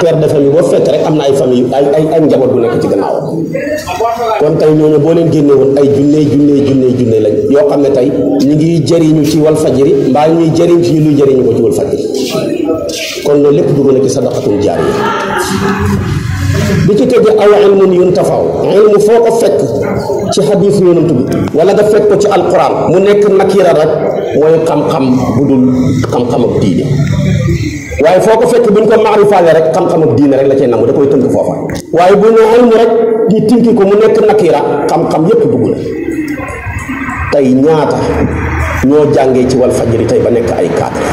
père de famille bo fekk rek amna ay famille ay ay ay njabot bu nek ci gannaaw kon tey ñooñu bo leen génne won ay junne junne junne junne lañ yo xamné tay ñi ngi jëriñu ci wal fajiri ba ñi jëriñ ci luy jëriñu ko ci wal fajiri kon lo lépp dugg na ci sadaqatul jari bi ci tege aw ilmu yuntafaaw ilmu foko fekk ci hadith yonantu bi wala da fekk ko ci alquran mu nek nakira rek mooy xam-xam budul xam-xam ak diine waye foko fekk buñ ko le rek xam-xamu diine rek la cey nangu da koy teunk fofa waye bu ñu ilmu rek di tinki ko mu nekk nakira xam-xam yépp duggu na tey ñaata ñoo jàngee ci wal fajr tay ba nekk ay cadre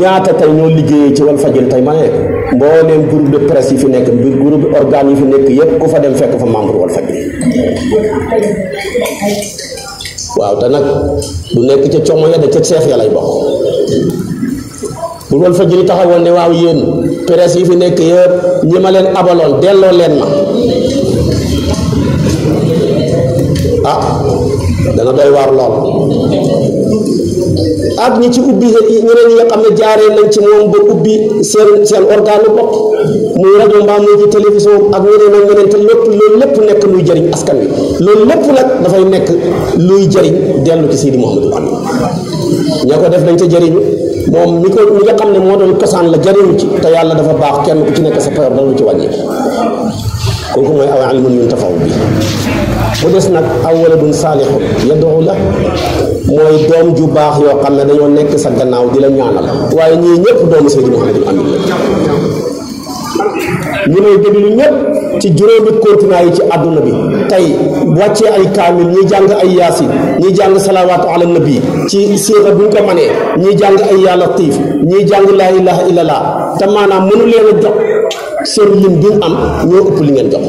ñaata tay ñoo liggéey ci wal fajr tay ma nekk mbolem groupe de presse fi nekk mbir groupe organe fi nekk yépp ku fa dem fekk fa membre wal fajr waaw te nak du nekk ci como ya de ca seex ya lay bokk bu wal fa jëri taxawoon ne waaw yeen presse yi fi nekk yëpp ñi ma leen abaloon delloo leen ma ah nga doy waar lool ak ñi ci ubbi ñeneen ñi nga xam ne jaaree nañ ci moom ba ubbi seen seen organe bopp muy rajo mbaa muy ci télévision ak ñeneen ak ñeneen te lépp loolu lépp nekk luy jëriñ askan wi loolu lépp nag dafay nekk luy jëriñ dellu ci Sidi Mouhamadou Bamba ko def nañ ca jëriñu moom mi ko mi nga xam ne moo doon kosaan la jariñu ci te yàlla dafa baax kenn ku ci nekk sa payoor dana lu ci wàññi kooku mooy aw ilmun yuntafaw bi mu des nag aw waladun saalixu yad'u la mooy doom ju baax yoo xam ne dañoo nekk sa gannaaw di la ñaanal waaye ñii ñëpp doomu Seydi Muhammadul Amin la ñu lay déglu ñëpp ci juróomi continent yi ci àdduna bi tey wàccee ay kaamil ñi jàng ay yaasin ñi jàng salawaatu ala nabi ci siira buñ ko manee ñi jàng ay yaa latif ñi jàng laa ilaha illallah te maanaam mënu leen a jox seen lim bi am ñoo ëpp li ngeen jox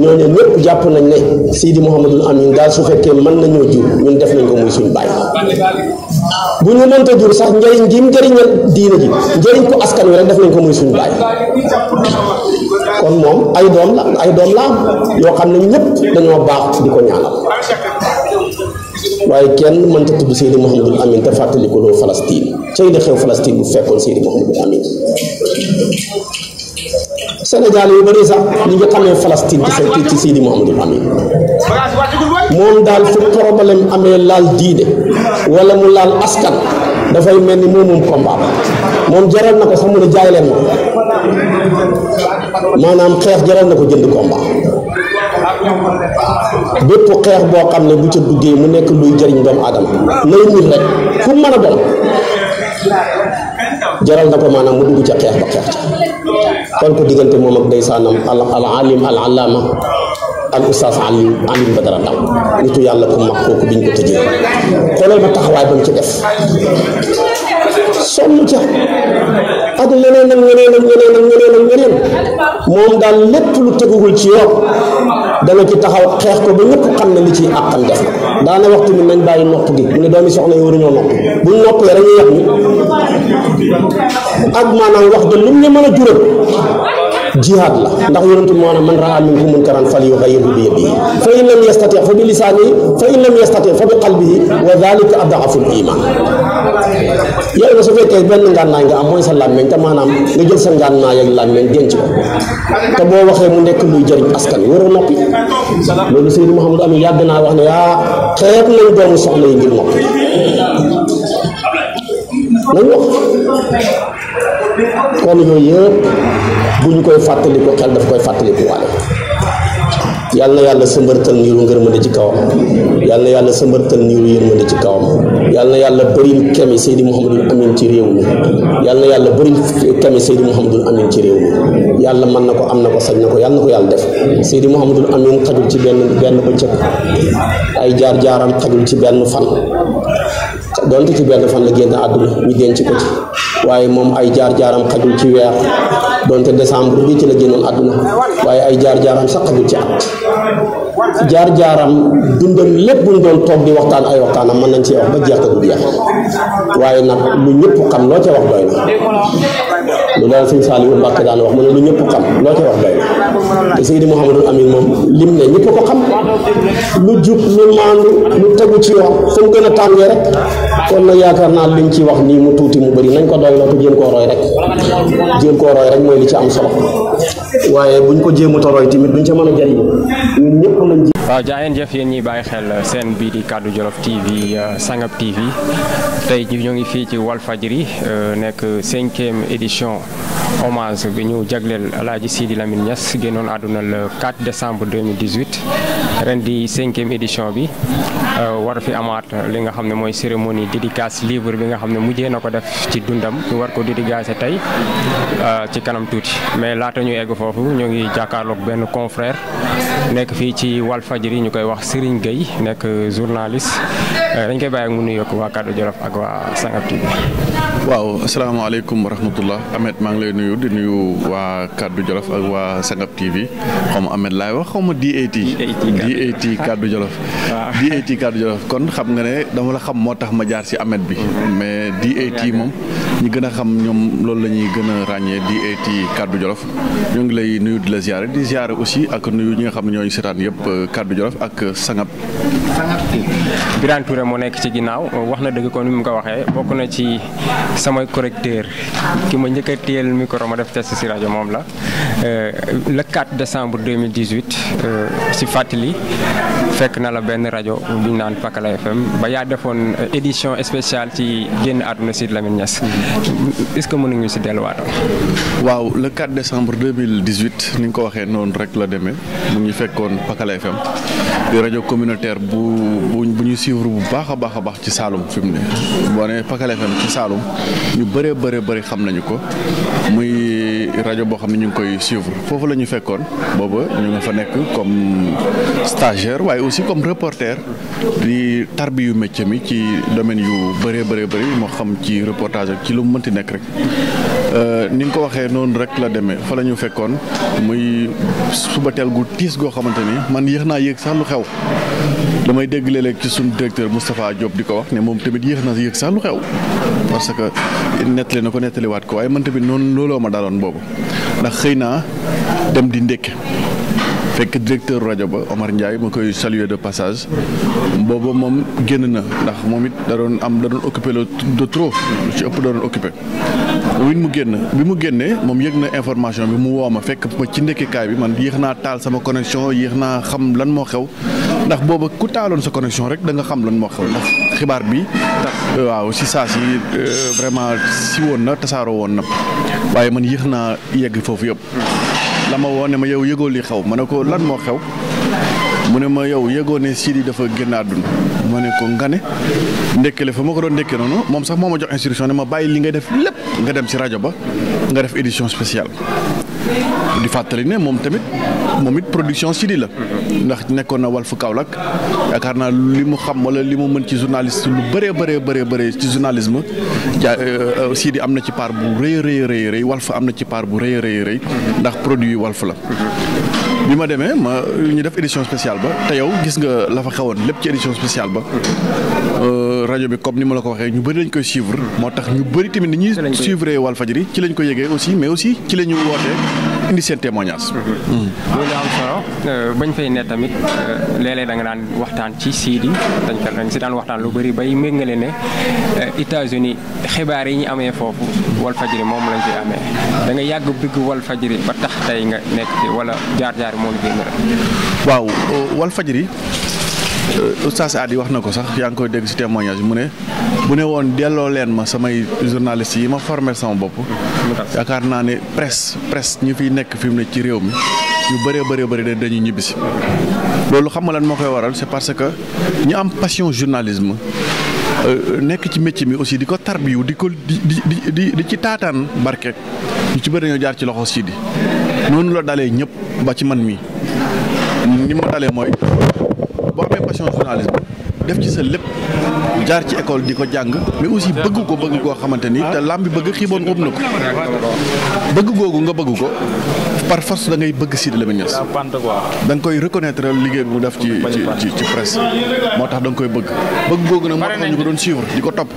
ñooñu ñëpp jàpp nañ ne Sidi Mouhamadul Amin daal su fekkee mën nañoo jur ñun def nañ ko muy suñu bàyyi bu ñu mënta jur sax njëriñ gi mu njëriñal diina ji njëriñ ko askan wi rek def nañ ko muy suñu bàyyi kon moom ay doom la ay doom la yoo xam ne ñëpp dañoo baax di ko ñaanal waaye kenn mënta tudd Seydi Mouhamadul Amin te fàttaliku loo Palestine cay de xew Palestine bu fekkoon Seydi Mouhamadul Amin sénégal yu bari sax ñu ngi xamé Palestine ci ci ci Sidi Mouhamadou Amin mom dal fu problème amé lal diiné wala mu lal askan da fay melni moom moom combat mom jaral nako ko sax mu ne jaay leen manam xex jaral nako jënd combat bépp xex bo xamné bu ci duggé mu nekk luy jëriñ doom adam lay nit rek fu mëna dal jaral nako manam mu dugg ci xex ba xex wan ko diggante moom ak ndeysaanam al alim al alaama al ustaas alim alim badara ndaw nitu yàlla ku mag kooku biñ ko tëjee xoolal ma taxawaay ba mu ci def sonn ca ak leneen ak leneen ak leneen ak leneen ak leneen moom daal lépp lu teguwul ci yoon dana ci taxaw xeex ko ba ñëpp xam nañ li ciy àqam def na daana waxtu ni nañ bàyyi nopp gi mu ne doomi soxna yi waruñoo nopp buñ noppee rek ñu yàq ni ak maanaam wax ja lu mu ne mën a jural jihad la ndax yonentu moo ne man raa minkum munkaran bi yadihi fa in lam yastati fa bi fa in lam yastati fa bi qalbihi wa dhalika adhafu iman yow nga su fekkee benn ngànnaay nga am mooy sa làmmeñ te maanaam nga jël sa ngànnaay ak làmmeñ denc ko te boo waxee mu luy askan Seydou Amin wax ne ah, nañ doomu yi ngir kon yooyu yëpp bu ñu koy fàttaliku xel daf koy fàttaliku waale yàlla na yàlla sëmbërtal niiru ngërmande ci kawam yal na yàlla sëmbërtal niiru yërmande ci kawam yàlla na yàlla bëriñ kemi Seydi Mouhamadul Amin ci réew mi yàlla na yàlla bëriñ kemi Seydi ci réew mi yàlla mën na ko am na ko sañ na ko yàlla na ko yàlla def Seydi Mouhamadul Amin xajul ci benn benn bëccëg ay jaar-jaaram xajul ci benn fan donte ci benn fan la génn àdduna ñu denc ko ci waaye moom ay jaar-jaaram xajul ci weer donte décembre bi ci la génnoon àdduna waaye ay jaar-jaaram sax xajul ci at jaar-jaaram dundam lépp buñ doon toog di waxtaan ay waxtaanam mën nañ ci wax ba jeex te du jeex waaye nag lu ñëpp xam loo ca wax doy na lu daal sëñ Saliou Mbacke daan wax mu ne lu ñëpp xam loo ci wax doy te Seydi Mouhamadou Amine moom lim ne ñëpp ko xam lu jub lu maandu lu tegu ci yoon fu mu gën a tàngee rek kon nag yaakaar naa liñ ci wax nii mu tuuti mu bëri nañ ko doy loo ko jéem koo roy rek jéem koo roy rek mooy li ci am solo waaye buñ ko jéem a toroy tamit duñ ca mën a jariñ ñun ñëpp nañ ji. waaw jaayeen jëf yéen ñi bàyyi xel seen biir di kaddu jolof TV euh, sangab TV tey ji ñoo ngi fii ci Walfadjri euh, nekk cinquième édition hommage bi ñu jagleel El Hadj Sidi Lamine Niass génnoon àdduna le 4 décembre 2018 ren di cinquième édition bi euh, war fi amaat li nga xam ne mooy cérémonie dédicace livre bi nga xam ne mujjee na ko def ci dundam ñu war ko dédicacé tey ci kanam tuuti mais laata foofu ñoo ngi jàkkaarlook benn confrère nekk fii ci Walfadjri ñu koy wax Serigne Gueye nekk journaliste euh, dañ koy bàyyi ak mu nuyoog waa Kaddu Jolof ak waa Sangap waaw asalaamaaleykum wa rahmatullah Ahmed maa ngi lay nuyu di nuyu waa Kaddu Jolof ak waa Sangap TV xaw ma Ahmed laay wax xaw ma DAT. DAT Kaddu Jolof waaw DAT Kaddu kon xam nga ne dama la xam moo tax ma jaar si Ahmed bi. mais di DAT moom ñi gën a xam ñoom loolu la ñuy gën a ràññee DAT Kaddu Jolof ñoo ngi lay nuyu di la ziare di ziare aussi ak nuyu ñi nga xam ne ñooñu seetaan yëpp euh, Kaddu Jolof ak Sangap. Sangap moo nekk ci ginnaaw wax na dëgg kon ni mu ko waxee bokk na ci. samay correcteur ki ma njëkk a téyel micro ma def test si rajo moom la euh, le 4 décembre 2018 si euh, fàttali fekk na la benn rajo bu ñu naan Pakala FM ba yaa defoon euh, édition spéciale ci génn àdduna Sidy Lamine ñas est-ce que mën nañu si delluwaatal. waaw le 4 décembre 2018 ni nga ko waxee noonu rek la demee mu ngi fekkoon Pakala FM di rajo communautaire bu bu ñu suivre bu baax a baax a baax ci Saloum fi mu ne boo nee Pakala FM ci Saloum ñu bëree bëri bëri xam nañu ko rajo boo xam ne ñu ngi koy suivre foofu la ñu fekkoon booba ñu nga fa nekk comme stagiaire waaye aussi comme reporter di tarbi yu métier mi ci domaine yu bëree bëree bëri moo xam ci reportage ci lu mu mënti nekk rek euh, ni nga ko waxee noonu rek la demee fa la ñu fekkoon muy suba teel gu tiis goo xamante ni man yéex naa yéeg sax lu xew damay dégg léeg-léeg ci suñu directeur Moustapha Diop di ko wax ne moom tamit yéex na yéeg sax lu xew parce que nettali na ko nettaliwaat ko waaye man tamit noonu looloo ma daloon boobu ndax xëy naa dem di ndékke fekk directeur rajo ba Omar Ndiaye ma koy saluer de passage booba moom génn na ndax moom it da doon am da doon occupé le de trop ci ëpp da doon occupé win mu génn bi mu génnee moom yëg na information bi mu woo ma fekk ma ci ndekkikaay bi man yéex naa taal sama connexion yéex naa xam lan moo xew ndax booba ku taaloon sa connexion rek danga xam lan moo xew ndax xibaar bi tax waaw si saa si euh, vraiment si woon na tasaaroo woon na waaye man yéex naa yegg foofu yëpp la ma woo ne ma yow yëgoo li xew ma ne ko lan moo xew mu ne ma yow yëgoo si Sidi dafa génn àdduna ma ne ko ngane ndékkale fa ma ko doon ndékkee noonu moom sax moo ma jox instruction ne ma bàyyi li ngay def lépp nga dem ci rajo ba nga def édition spéciale di fàttali ne moom tamit moom it production Sidi la ndax nekkoon na Walf Kaolack yaakaar naa li mu xam wala li mu mën ci journaliste lu bëree bëree bëree bëree ci journalisme ja euh, euh, di am na ci part bu rëy rëy rëy rëy am na ci part bu rëy rëy rëy ndax produit Walf la bi ma demee ma ñu def édition spéciale ba te yow gis nga la fa xewoon lépp ci édition spéciale ba. Euh, rajo bi comme ni ma la ko waxee ñu bëri lañ koy suivre moo tax ñu bëri tamit ni ñuy suivre Walfadjri ci lañ ko yëgee aussi mais aussi ci la ñu wootee indi seen témoignage. Mhm. loolu am euh, bañ fay ne tamit euh, léeg-léeg da nga daan waxtaan ci Sidi dañ ko dañ si daan waxtaan lu bëri bay méngale ne euh, États-Unis xibaar yi ñu amee foofu Walfadjri moom lañ koy amee da nga yàgg faj Walfadjri ba tax tey nga nekk ci wala jaar-jaar moom génn waaw Walfadjri Euh, oustaz Adi wax na ko sax yaa ngi koy dégg ci témoignage mu ne bu ne woon delloo leen ma samay journaliste yi ma formé sama bopp. yaakaar naa ne presse presse ñu fiy nekk fi mu ne ci réew mi ñu bëree bëree bëri dañu ñibbisi. loolu xam nga lan moo koy waral c'est parce que ñu am passion journalisme. Euh, nekk ci métier mi aussi di ko tarbiyu di ko di di di di ci taataan barket ñu ci bëri dañoo jaar ci loxo Sidi noonu la dalee ñëpp ba ci man mi ni ma dalee mooy formation journalisme def ci sa lépp jaar ci école di ko jàng mais aussi bëgg ko bëgg koo xamante ni te làmb bi bëgg xiiboon ub na ko bëgg googu nga bëgg ko par force da ngay bëgg Sidy Lamine Niass da nga koy reconnaître liggéey bi mu def ci ci ci presse moo tax danga koy bëgg bëgg googu nag moo tax ñu ko doon suivre di ko topp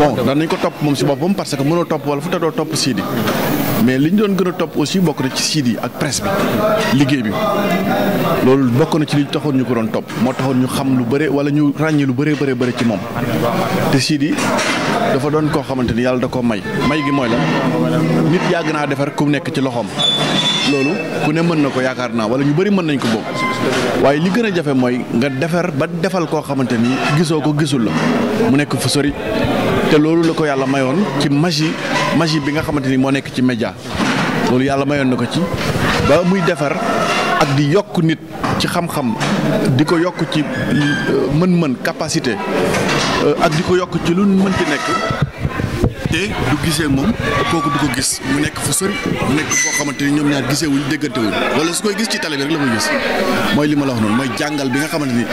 bon nañ ko top mom ci bopum parce que mëno top wala fu ta do top sidi mais liñ doon gëna top aussi bokku ci sidi ak presse bi liggéey bi loolu bokku na ci li taxone ñu ko doon top mo taxone ñu xam lu bëré wala ñu ragné lu bëré bëré bëré ci moom te sidi dafa doon ko xamanteni yalla da ko may may gi moy la nit yag na défar ku nekk ci loxom loolu ku ne mën nako ko yaakaar wala ñu bari mën nañ ko bok waye li gëna jafé moy nga ba défal ko xamanteni gisoko gisul la mu nekk fu sori te loolu la ko yàlla mayoon ci magie magie bi nga xamante ni moo nekk ci média loolu yàlla mayoon na ko ci ba muy defar ak di yokk nit ci xam-xam di ko yokk ci euh, mën-mën capacité euh, ak di ko yokk ci lu mën nekk te du gisee moom kooku du ko gis mu nekk fu sori mu nekk foo xamante ni ñoom ñaar gisee wuñ déggante wuñ wala su koy gis ci télé bi rek gis mooy li ma la wax noonu mooy jàngal bi nga xamante ni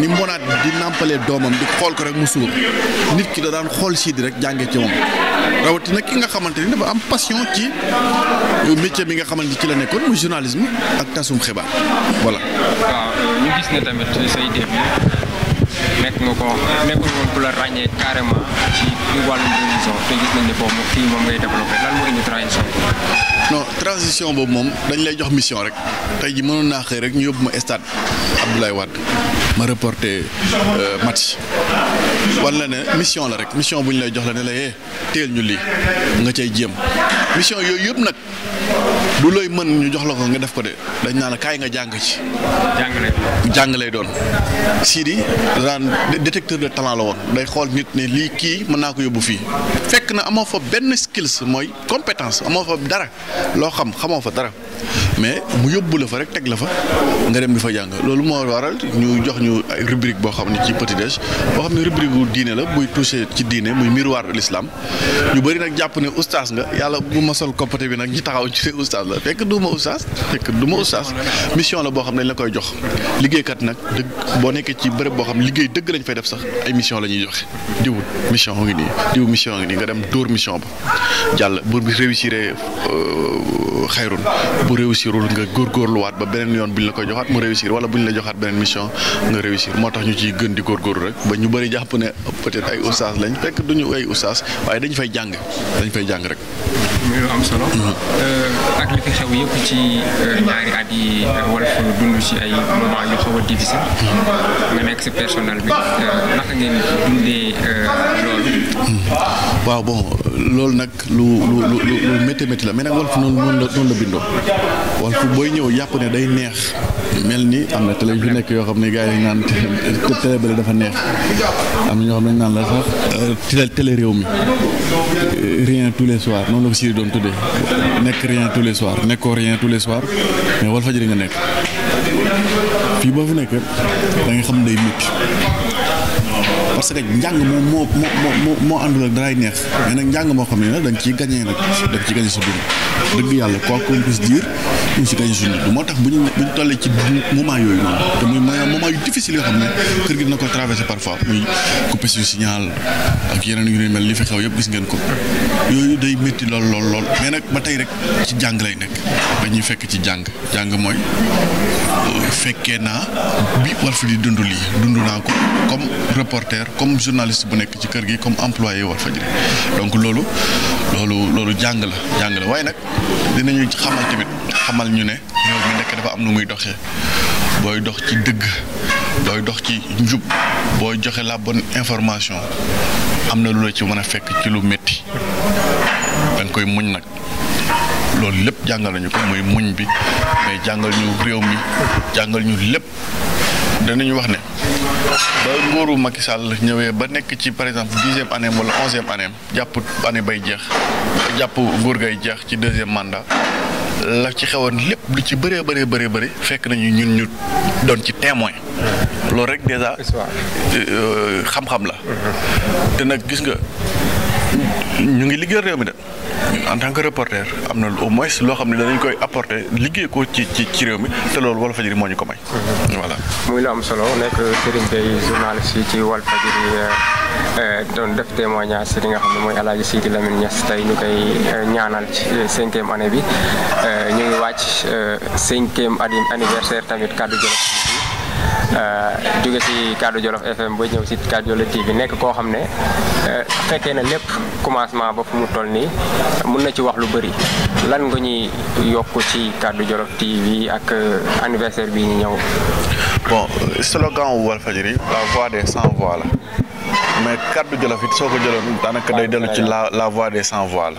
ni mbonaat di nàmpalee doomam di xool ko rek mu suur nit ki da daan xool Sidy rek jàngee ci moom rawatina ki nga xamante ni dafa am passion ci métier bi nga xamante ni ci la nekkoon muy journalisme ak tasum xibaar voilà. waaw ñu gis ne tamit say début nekk nga ko nekkul woon ku la ràññee carrément ci wàllum religion te gis nañ ne foofu fii moom ngay développé lan moo indi tradition bi. non transition boobu moom dañ lay jox mission rek tey ji mënoon naa xëy rek ñu yóbbu ma stade Abdoulaye Wade ma reporté euh, match wala ne mission la rek mission bu ñu lay jox la ne la yee eh, teel ñu lii nga cay jéem mission yooyu yëpp nag du looy mën ñu jox la ko nga def ko de dañ naa la kaay nga jàng ci. jàng lay doon Sidi daan détecteur de talent la woon day xool nit ne lii kii mën naa ko yóbbu fii fekk na amoo fa benn skills mooy compétence amoo fa dara. loo xam xamoo fa dara mais mu yóbbu la fa rek teg la fa nga dem di fa jàng loolu moo waral ñu jox ñu ay rubrique boo xam ne ci petit déj boo xam ne rubrique bu diine la buy touché ci diine muy miroir de l'islam ñu bëri nag jàpp ne oustaz nga yàlla bu ma sol compété bi nag ñu taxaw ci ne oustaz la fekk du ma oustaz fekk du ma oustaz mission la boo xam ne dañ la koy jox liggéeykat nag boo nekkee ci bërëb boo xam liggéey dëgg lañ fay def sax ay mission la ñuy joxe diw mission ngi nii diw mission ngi nii nga dem dóor mission ba jàll bu réussir euh, xayrun bu réussirul nga góorgóorluwaat ba beneen yoon buñ la ko joxaat mu réussir wala buñu la joxaat beneen mission nga réussir moo tax ñu ciy gën di góorgóorlu rek ba ñu bëri jàpp ne peut-être ay oustaz lañ fekk duñu ay oustaz waaye dañ fay jàng dañ fay jàng rek. Mm-hmm. Euh, ak li fi xew yëpp ci euh, ñaari at yi euh, Walf dund ci ay moment yu xaw a difficile. Mm-hmm. nga nekk si personnel bi naka ngeen dundee loolu. Mm-hmm. waaw bon. loolu nag lu lu lu lu métti la mais nag Walf noonu noonu la noonu la bindoo booy ñëw yàpp ne day neex mel ni am na télé yu nekk yoo xam ne gars yi naan te télé bële dafa neex am na ñoo xam ne naan la sax euh, télé réew mi euh, rien tous les soirs noonu la ko Siri doon tuddee nekk rien tous les soirs nekkoo rien tous les soirs mais Walfadjri nga nekk fii boo fi nekk da nga xam day métti. parce que jang mo mo mo mo mo andul ak dara neex mais nak jang mo xam nak dañ ci gagné nak dañ ci gagné sa dund dëgg yàlla ko qu'on puisse dir ñu ci gagné suñu dund moo tax buñu ñu bu ci moment yooyu non te muy moment yu difficile yo xamné kër gi dina ko traversé parfois muy coupé suñu signal ak yeneen yu mel li fi xaw yëpp gis ngeen ko yooyu day metti lool lool lool mais nak ba tay rek ci jang lay nek dañuy fekk ci jang jang moy fekkee naa bi Walfadjri dund lii dundu naa ko comme reporter comme journaliste bu nekk ci kër gi comme employé Walfadjri donc loolu loolu loolu jàng la jàng la waaye nag dinañu xamal tamit xamal ñu ne réew mi nekk dafa am nu muy doxe booy dox ci dëgg booy dox ci njub booy joxe la bon information am na lu la ci mën a fekk ci lu métti danga koy muñ nag loolu lépp jàngal nañu ko muy muñ bi mais jàngal ñu réew mi jàngal ñu lépp dana danañu wax ne ba nguuru Macky Sall ñëwee ba nekk ci par exemple dixième année wala onzième année jàpp année bay jeex jàpp nguur gay jeex ci deuxième mandat la ci xewoon lépp lu ci bëree bëree bëree bëri fekk nañu ñun ñu doon ci témoin loolu rek déjà euh, xam-xam la te nag gis nga ñu ngi liggéey réew mi de en tant que reporter am na au moins loo xam ne danañ koy apporter liggéey ko ci ci ci réew mi te loolu Walfadjri moo ñu ko may. Mhm. voilà. muy la am solo nekk Serigne Gueye journaliste yi ci Walfadjri eh, eh, doon def témoignage si li nga xam ne mooy El Hadj Sidi Lamine Niass tey ñu koy eh, ñaanal ci cinquième année bi ñu ngi wàcc cinquième anniversaire tamit kàddu jël. Euh, jóge si kaddu Jolof FM ba ñëw si kaddu Jolof TV nekk koo xam ne euh, fekkee na lépp commencement ba fu mu toll nii mun na ci wax lu bëri lan nga ñuy yokk ci kaddu Jolof TV ak euh, anniversaire bi ñu ñëw. bon slogan wu Walfadjri la voix des sans voix la. mais kaddu jolof it soo ko jëloon daanaka day dellu ci la la voix des sans voix la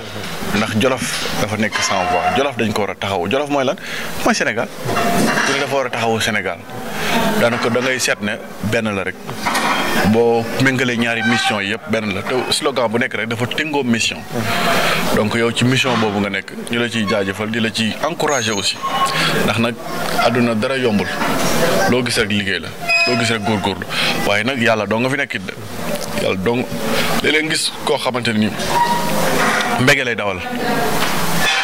ndax jolof dafa nekk sans voix jolof dañ ko war taxaw jolof mooy lan mooy sénégal ku dafa war a taxawu sénégal da ngay seet ne benn la rek bo mengale ñaari mission yep benn la te slogan bu nekk rek dafa tingo mission donc yow ci mission boobu nga nekk ñu la ciy jaajëfal di la ci encourager aussi ndax nag aduna dara yombul loo gis rek liggéey la doo gis rek góorgóorlu waaye nag yàlla doo nga fi nekkit de yàlla doo léeg-léeg gis koo xamante ni mbége lay dawal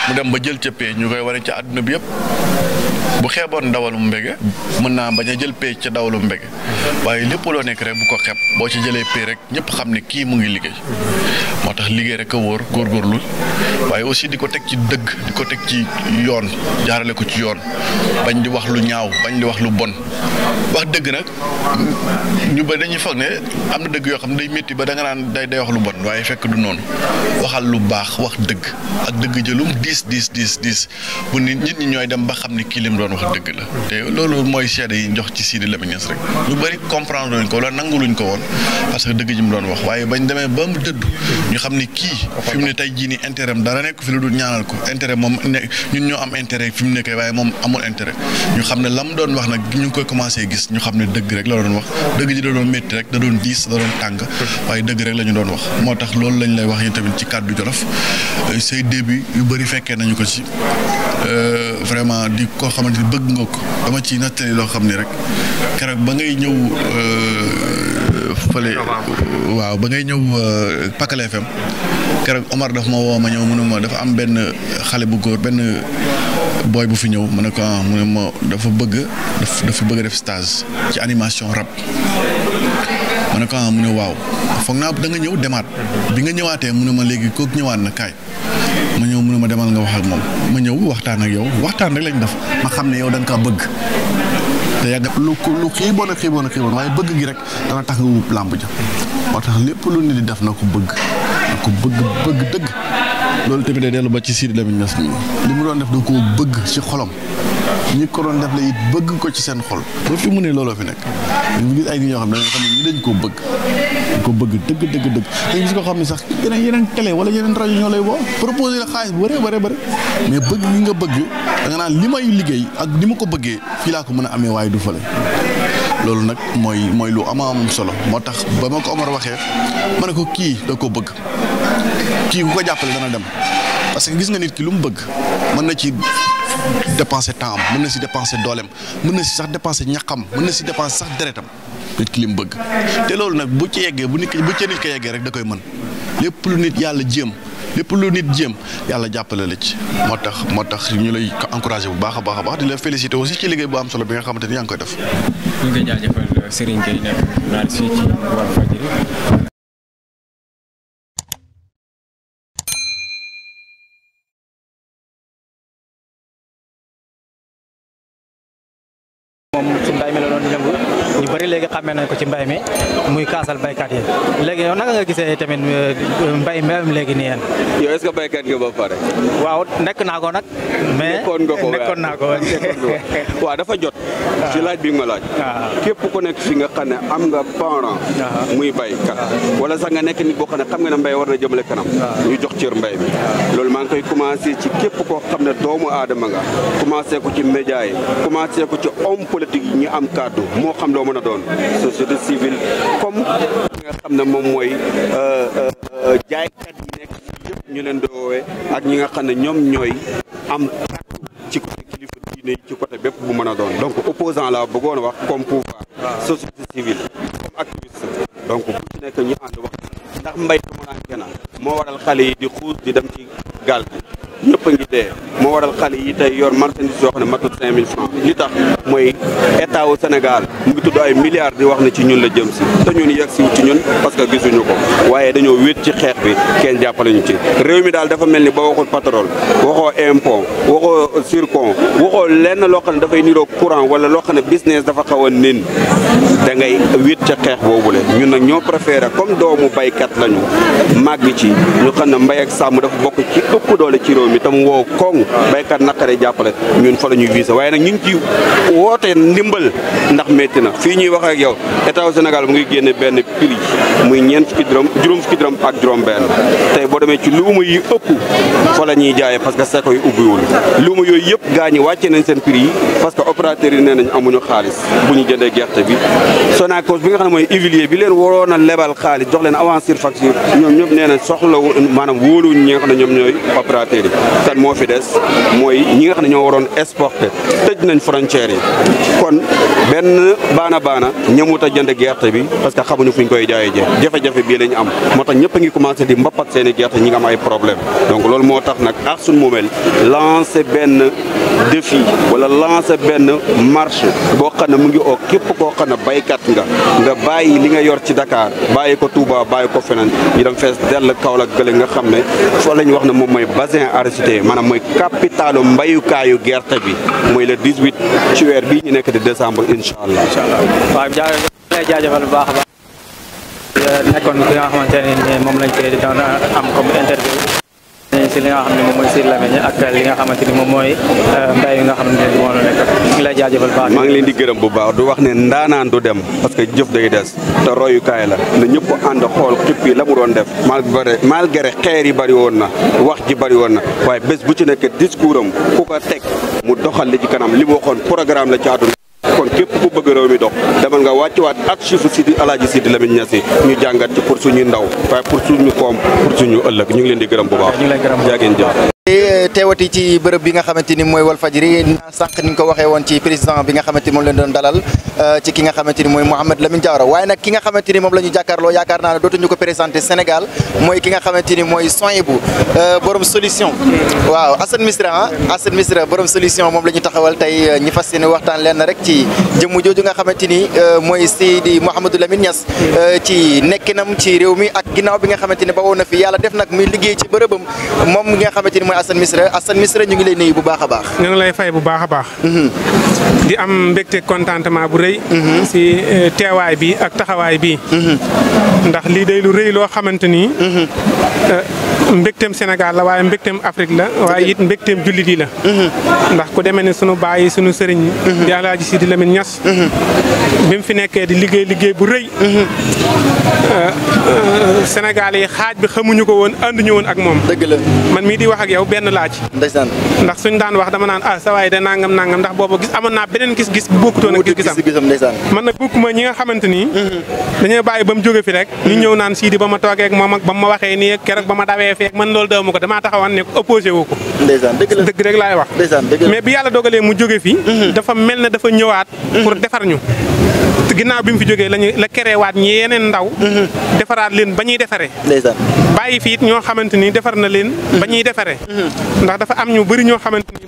mu dem ba jël ca pee ñu koy wane ci àdduna bi yëpp bu xeeboon dawalu mbege mën naa bañ a jël pee ci dawalu mbege waaye lépp loo nekk rek bu ko xeb boo ci jëlee pee rek ñëpp xam ne kii mu ngi liggéey moo tax liggéey rek a wóor góorgóorlu waaye aussi di ko teg ci dëgg di ko teg ci yoon jaarale ko ci yoon bañ di wax lu ñaaw bañ di wax lu bon wax dëgg nag ñu ba dañuy foog ne am na dëgg yoo xam day métti ba da nga naan day day wax lu bon waaye fekk du noonu waxal lu baax wax dëgg ak dëgg jëlum diis diis diis diis diis bu nit nit ñi ñooy dem ba xam ni kii lim doon wax dëgg la te loolu mooy seede yi njox ci Sidi Lamine Niass rek ñu bëri comprendre luñ ko ko woon parce que dëgg ji fi mu nekk fi lu dul moom am intérêt fi mu nekkee waaye la doon wax nag ñu koy commencé gis ñu xam ne dëgg rek la doon wax dëgg ji da doon métti rek da doon diis da doon tàng waaye dëgg rek la ñu doon wax moo tax loolu lañ lay wax yi tamit ci kàddu Jolof euh, say début yu bëri fekk fekkee nañu ko ci euh, vraiment di koo xamante ni bëgg nga ko dama ci nattali loo xam ni rek keroog ba ngay ñëw euh, fële waaw ba ngay ñëw euh, Pakal FM keroog Omar dafa ma woo ma ñëw mënuma dafa am benn xale bu góor benn booy bu fi ñëw ma ne ko ah, mu ne ma dafa bëgg dafa bëgg def stage ci animation rap ma ne ko ah, mu ne waaw foog naa da nga ñëw demaat bi nga ñëwaatee mu ma léegi kook ñëwaat na kaay ma ñëw mu ma demal nga wax ak moom ma ñëw waxtaan ak yow waxtaan rek lañ def ma xam ne yow da nga bëgg te yàgg lu lu xiiboon ak xiiboon ak xiiboon waaye bëgg gi rek dana tax nga wub làmb ja moo tax lépp lu nit di def na ko bëgg na ko bëgg bëgg dëgg loolu tamit day dellu ba ci Sidi Lamine Niass mi li ma doon def da koo bëgg ci xolam ñi ko doon def la it bëgg ko ci seen xol ba fi mu ne looloo fi nekk ñu gis ay nit ñoo xam ne xam ne ñi koo bëgg dañ bëgg dëgg dëgg dëgg xam ne sax yeneen yeneen télé wala yeneen rajo ñoo lay woo proposé la xaalis bu bëree bëree bëri mais bëgg gi nga bëgg da nga naan li may liggéey ak ni ma ko bëggee fii laa ko mën a amee waaye du fële loolu nag mooy mooy lu ama am solo moo tax ba ma ko Omar waxee ma ne ko kii da ko bëgg kii ku ko jàppale dana dem parce que gis nga nit ki lu mu bëgg mën na ci dépenser temps am mën na si dépenser doolem mën na si sax dépenser ñaqam mën na si dépenser sax deretam nit ki li mu bëgg te loolu nag bu ci yeggee bu nit bu ci nit ko yeggee rek da koy mën lépp lu nit yàlla jéem lépp lu nit jéem yàlla jàppale la ci moo tax moo tax ñu lay encouragé bu baax a baax a baax di la félicité aussi ci liggéey bu am solo bi nga xamante ni yaa ngi koy def. জায়গায় xàmmee nañ ko ci mbay mi muy kaasal baykat yi léegi yow naka nga gisee tamit euh, mbay mbéyam léegi nii yéen. yow est-ce que baykat nga ba pare. waaw nekk naa ko nag. mais nekkoon naa ko waaw [laughs] dafa jot. si ah. laaj bi nga laaj. Ah. képp ku nekk fi nga xam ne am nga parent. Ah. muy baykat wala sax nga nekk nit boo xam ne xam nga ne mbay war na jëmale kanam. ñu jox cër mbay mi. loolu maa ngi koy commencé ci képp koo xam ne doomu aadama nga commencé ko ci média yi commencé ko ci homme politique yi ñu am kàddu moo xam loo mën doon. société civile comme li nga xam ne moom mooy euh, euh, euh, jaaykat yi nekk yëpp ñu leen di woowee ak ñi nga xam ne ñoom ñooy am kàddu ci côté kilifa diine yi ci côté bépp bu mën a doon donc opposant la bëggoon wax comme pouvoir société civile comme activiste donc bu ci nekk ñu ànd wax ndax mbay tamunaa gena moo waral xale yi di xuus di dem ci gaal gi ñëpp a ngi dee moo waral xale yi tey yor marchandise yoo xam ne matul 5000 francs li tax mooy état wu Sénégal mu ngi tudd ay milliards di wax ne ci ñun la jëm si te ñun yegg si ci ñun parce que gisuñu ko waaye dañoo wéet ci xeex bi kenn jàppale ñu ci réew mi daal dafa mel ni ba waxul pétrole waxoo impôt waxoo surcon waxoo lenn loo xam ne dafay niroo courant wala loo xam ne business dafa xaw a nin da ngay wét ca xeex boobu boobule ñun nag ñoo préféré comme doomu baykat lañu màgg ci ñu xam na mbay ak sàmm dafa bokk ci ëpp doole ci réew mi tam woo koŋ baykat naqare jàppale ñun fa la ñuy visé waaye nag ñu ngi ci woote ndimbal ndax metti na fii ñuy wax ak yow état au Sénégal mu ngi génne benn prix muy ñeent fukki juróom fukki dërëm ak juróom benn tey boo demee ci luuma yi ëpp fa la ñuy jaayee parce que seko yi ubbiwul luuma yooyu yëpp gaa ñi wàcce nañ seen prix yi parce que opérateur yi nee nañ amuñu xaalis bu ñu jëndee gerte carte bi Sonacos bi nga xam ne mooy huilier bi leen waroon a lebal xaalis jox leen avance sur facture ñoom ñëpp nee na soxla maanaam wóoluwuñ ñi nga xam ne ñoom ñooy opérateur yi tan moo fi des mooy ñi nga xam ne ñoo waroon exporter tëj nañ frontières yi kon benn baana baana ñëmut a jënd gerte bi parce que xamuñu fu ñu koy jaayee jee jafe-jafe bii lañ am moo tax ñëpp ngi commencé di mbappat seen gerte ñi nga am ay problème donc loolu moo tax nag ak suñ moomeel lancé benn défi wala lancé benn marche koo na ne baykat nga nga bàyyi li nga yor ci Dakar bàyyi ko Touba bàyyi ko feneen ñu dem fees dell Kaolack gële nga xam ne foo la ñu wax ne moom mooy bassin arachidier maanaam mooy capitalu mbayukaayu gerte bi mooy le 18 ci weer bii ñu nekk di décembre incha allah. incha allah waaw jaajëfal bu baax a baax nekkoon ki nga xamante ne moom lañ koy doon am comme interview. nañ si li nga nga xamante ni moom mooy euh, mbay mi nga xam ne lay jaajëfal maa ngi leen di gërëm bu baax du wax ne ndaanaan du dem parce que jëf day des te royukaay la na ñëpp ànd xool kippi la mu doon def malgré malgré xeer yi bëri woon na wax ji bëri woon na waaye bés bu ci nekk discours am ku ko teg mu doxal li ci kanam li mu waxoon programme la ci àdduna kon képp ku bëgg réew mi dox demal nga wàccuwaat ak chifu Sidi Alaaji Sidi Lamine Niass ñu jàngat ci pour suñu ndaw waaye pour suñu koom pour suñu ëllëg ñu ngi leen di gërëm bu baax. yaa ngeen jëf teewati ci bërëb bi nga xamante ni mooy Walfadjri sànq ni ñu ko waxee woon ci président bi nga xamante ni leen doon dalal euh, ci ki nga xamante ni mooy Mouhamed Lamine Diawara waaye nag ki nga xamante ni moom la ñu jàkkaarloo yaakaar naa ne dootuñu ko présenté Sénégal mooy ki nga xamante ni mooy euh, borom solution waaw Assane Misra ah Assane Misra borom solution moom la ñu taxawal tey euh, ñi fas yéene waxtaan leen rek ci jëmm jooju nga xamante ni mooy Seydi Mouhamadou Lamine Niass ci nekkinam ci réew mi ak ginnaaw bi nga xamante ni na fi yàlla def nag muy liggéey ci bërëbam moom nga xamante Assane Missiré Assane Missiré ñu ngi lay nuyu bu baax a baax. ñu ngi lay fay bu baax a baax. Mhm. di am mbégte contentement bu rëy. Mhm. si euh, teewaay bi ak taxawaay bi. Mhm. ndax lii day lu rëy loo xamante ni. Euh, mbégteem senegal la waye mbégteem Afrique la waye it mbégteem jullit yi la mhm. ndax ku demene sunu baye sunu serigne mhm. di Alaaji Sidi Lamine Niass mhm. bi mu fi nekké di liggéey liggéey bu rëy euh, euh, senegal yi xaj bi xamuñu ko woon ànduñu won ak mom deug la man mi di wax ak yow benn laaj ndaysan ndax suñu daan wax dama naan ah sa waye de nangam nangam ndax bobu gis amana benen gis-gis bu bokkutoon nak gis-gisam ndaysan man nag bokkuma ñi nga xamanteni nii dañoo bàyyi ba mu fi rek ñu ñew naan Sidi bama ma ak mom ak bama waxé ni nii ak keroog ba maye feek man loolu dawuma ko damaa taxawaan ne opposé wu ko ndeysaan dëgg la dëgg rek laay wax ndeysaan dëgg mais bi yàlla dogalee mu jóge fi mhm. dafa mel ne dafa ñëwaat mhm. pour defar ñu ginnaaw bi mu fi jógee lañu la kerewaat ñi yeneen ndaw mhm. defaraat leen ba ñuy defaree ndeysaan bàyyi fi it ñoo xamante ni defar na leen ba ñuy defaree ndax dafa am ñu bëri ñoo xamante ni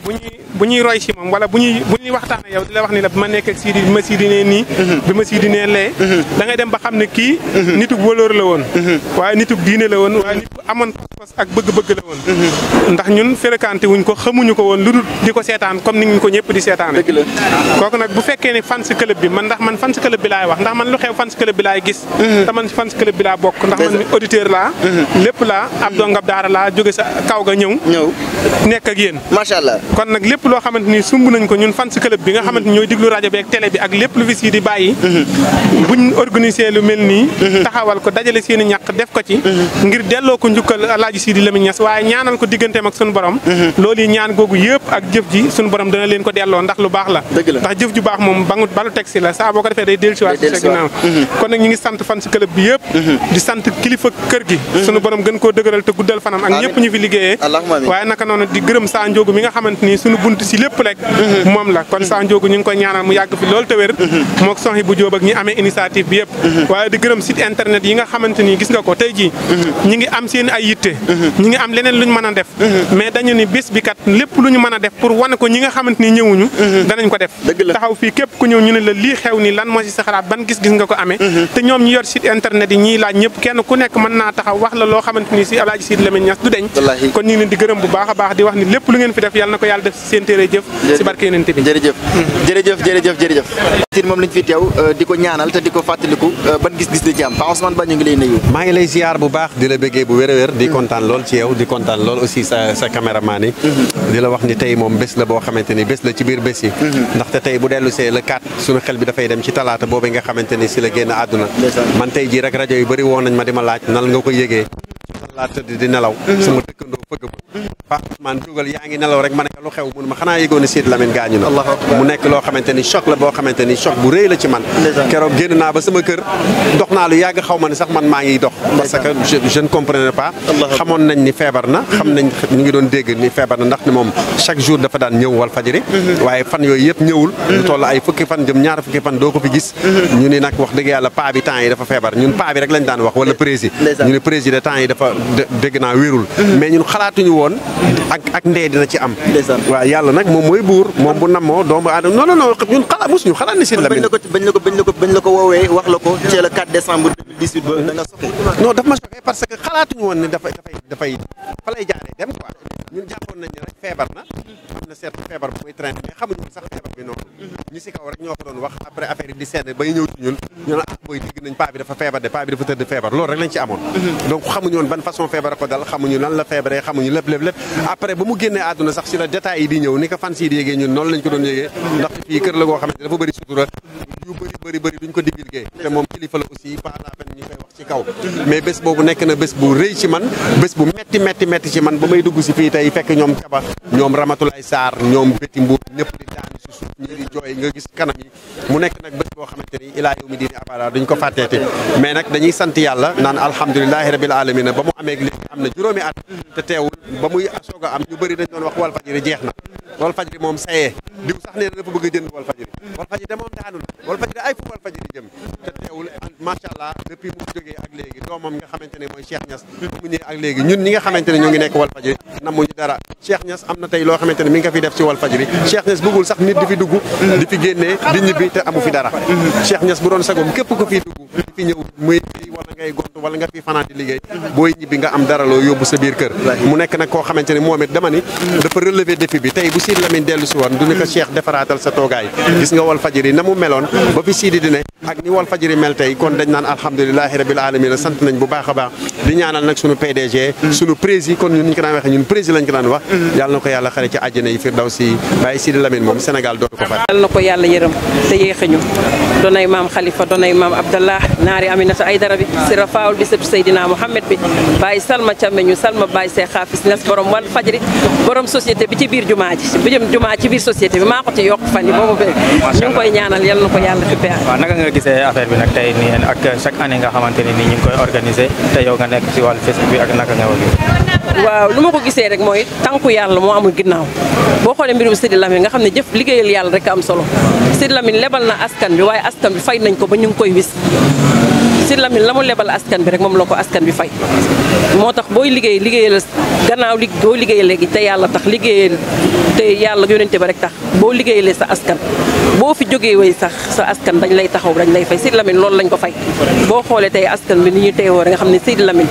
bu ñuy roy si moom wala bu ñuy bu ñuy waxtaanee yow di la wax ni la bi ma nekk ak siidi bi ma siidi nee nii bi ma siidi nee da ngay dem ba xam ne kii nitug wëlóor la woon waaye nitug diine la woon waaye nit amoon pas-pas ak bëgg-bëgg la woon ndax ñun fréquenté wuñ ko xamuñu ko woon lu dul di ko seetaan comme ni ñu ko ñëpp di seetaane kooku nag bu fekkee ni fans club bi man ndax man fans club bi laay wax ndax man lu xew fans club bi laay gis mhm. te man fans club bi laa bokk ndax man auditeur laa mhm. lépp laa ab dongab daara laa jóge sa kaw ga ñëw ñëw nekk ak yéen macha allah kon nag lépp loo xamante ni sumb nañ ko ñun fans club bi nga xamante ni ñooy diglu rajo bi ak télé bi ak lépp lu fi di bàyyi mhm. buñ organiser lu mel taxawal ko dajale seen i def ko ci ngir delloo ko njukkal ci di Lamine ñass waye ñaanal ko digganteem ak suñu borom mhm. loolu ñaan gogu yépp ak jëf ji suñu borom dana leen ko delloo ndax lu baax la ndax jëf ju baax mom bangut balu taxi la sa boko ko day dellu ci waat ci ginaaw mhm. kon nak ñi ngi sante fan ci club bi yépp mhm. di sante kilifa kër gi suñu borom gën ko dëgëral te guddal fanam ak ñëpp ñu fi liggéeyee waye naka noonu di gërëm sa njoogu mi nga xamanteni suñu buntu ci lépp rek mom la kon sa njoogu ñu ngi ko ñaanal mu yagg fi lool te wër mok soxhi bu ak ñi amé initiative bi yépp waye di gërëm site internet yi nga xamanteni gis nga ko tay ji ñi ngi am seen ay yitte jóge ñi ngi am leneen lu ñu mën a def mhm. mais dañu ni bis bi kat lépp lu ñu mën a def pour wane ko ñi nga xamante ni ñëwuñu mhm. danañ ko def taxaw fii képp ku ñëw ñu ne la lii xew ni lan moo ci sa xalaat ban gis-gis nga ko amee mhm. te ñoom ñu yor site internet yi ñiy laaj ñëpp kenn ku nekk mën naa taxaw wax loo xamante si Alaaji Sidy Lamine Niass du deñ kon ñu ngi di gërëm bu baax a baax di wax ni lépp lu ngeen fi def yàlla na ko yàlla def seen téere jëf ci barke a kontaan lool ci yow di kontaan lool aussi sa sa caméraman yi mhm. di la wax ni tey moom bés la boo xamante ni bés la ci biir bés yi mhm. ndaxte tey bu dellu see le 4 suñu xel bi dafay dem ci talaata boobu nga xamante ni si la génn àdduna man tey ji rek rajo yu bëri woon nañ ma di ma laaj nan nga ko yëgee laa tëdd di nelaw mhm. sama dëkkandoo fëgg ba Ousmane jógal yaa ngi nelaw rek ma ne lu xew mun xanaa yëgoon ne Sidy Lamine gaañu na mu nekk loo xamante ni ni choc bu rëy la ci man keroog génn naa ba sama kër dox naa lu yàgg xaw ma ne sax man maa ngi dox parce que je ne comprenais pas xamoon nañ ni feebar na xam nañ ñu ngi doon dégg ni feebar na ndax moom chaque jour dafa daan ñëw wal fajiri mhm. waaye fan yooyu yëpp ñëwul mhm. lu toll ay fukki fan jëm ñaar fukki fan doo ko fi gis ñu ni nag wax dëgg dafa dégg naa wérul mhm. mais ñun xalaatuñu woon ak ak ndee dina moom mooy buur moom bu namoo doomu aadama non non non ñun xalaat mosuñu xalaat ni Sidy Lamine bañ la ko bañ la ko bañ la ko woowee wax la ba ma soxee parce que xalaatuñu woon ne dafay dafay jaaree dem quoi ñun jàppoon nañ ne rek feebar na am na certes feebar bu muy traîner mais xamuñu sax feebar bi noonu mhm. ñu si kaw rek ñoo ko doon wax après affaire di seet bay ñëw ci ñun ñu ne ah, booy dégg nañ paa bi dafa feebar de paa bi dafa tëdd feebar loolu rek lañ ci amoon mhm. donc xamuñu ban façon feebar ko dal xamuñu lan la feebaree xamuñu lépp lépp lépp après ba mu génnee àdduna sax si la détails yi di ñëw ni ko fans yi di yégee ñun noonu lañ ko doon yégee ndax fii kër la goo xam ne dafa bëri sutura yu bëri bëri duñ ko divulgué te moom kilifa la aussi pas la ñu koy wax ci kaw mais bés boobu nekk na bés bu rëy ci man bés bu metti metti metti ci man ba may dugg si fii tey fekk ñoom caba ñoom ramatulay saar ñoom béti mbuur ñëpp di daan si suuf ñi di jooy nga gis kanam nekk nag bés boo xamante ni ilaa ko fàtteeti mais nag naan alhamdulilahi rabil ba mu amee léegi am na juróomi at te teewul ba muy soog a am ñu bëri dañ doon wax Walfadjri jeex na wal fajri mom sayee di sax nee dafa bëgg jënd wal fajri wal fajri dama moom daanu wal fajri ay fu wal fajri jëm te teewul sha allah depuis mu joggé ak légui domam nga xamante moy mooy Cheikh Niass mu ñëwee ak légui ñun ñi nga xamante ñu ngi nekk wal fajri ñu dara Cheikh Niass amna tay lo loo mi nga fi def ci wal fajri Cheikh Niass bëggul sax nit di fi dugg di fi génné di ñibi te amu fi dara Cheikh Niass bu doon sagum képp ko fi dugg di fi ñëw muy wala ngay gont wala nga fi fanaan di liggéey boy ñibi nga am dara lo yobbu sa biir kër mu nekk nak ko xamante momit dama ni dafa relever défi bi tey bu Lamine delu ci won du ni ko Cheikh defaratal sa toogaay gis nga wal fajiri namu melone ba fi sidi di ne ak ni wal fajiri mel tay kon dañ nan alhamdullilah rabbil alamin sant nañ bu baakha a baax di ñaanal nak sunu PDG sunu prési kon ñun ñu ko daan wax ñun prési lañ ko daan wax yàlla nako yàlla xare ci àjjana yi firdaw si baye sidi Lamine mom Sénégal do ko fat yàlla nako yàlla yeeram te yéexañu donay mam Khalifa donay mam Abdallah naari Aminata aidara bi si rafaawul bi sëb sayidina muhammad bi baye salma ñu salma baye cheikh xaafis nes borom wal fajiri borom société bi ci bir jumaa bu jëm jumaa ci biir société bi maa ko ci yokk fan yi boobu bëgg ñu ngi koy ñaanal yal na ko yàlla fi pexe waaw naka nga gisee affaire bi nag tey nii ak chaque année nga xamante ne nii ñu ngi koy organiser te yow nga nekk si wàllu Facebook bi ak naka nga wagi waaw lu ma ko gisee rek mooy tànku yàlla moo amul ginnaaw boo xoolee mbirum Sidi Lamine nga xam ne jëf liggéeyal yàlla rek am solo Sidi lebal na askan bi waaye askan bi fay nañ ko ba ñu ngi koy wis Sidi Lamine la mu lebal askan bi rek moom la ko askan bi fay moo tax boo liggéey liggéeyal gannaaw li boo liggéeyal léegi te yàlla tax liggéeyal te yàlla yónente ba rek tax boo liggéeyalee sa askan boo fi jógee woy sax sa askan dañ lay taxaw dañ lay fay Sidi Lamine loolu lañ ko fay boo xoolee tey askan bi ni ñu teewoo nga xam ne Sidi Lamine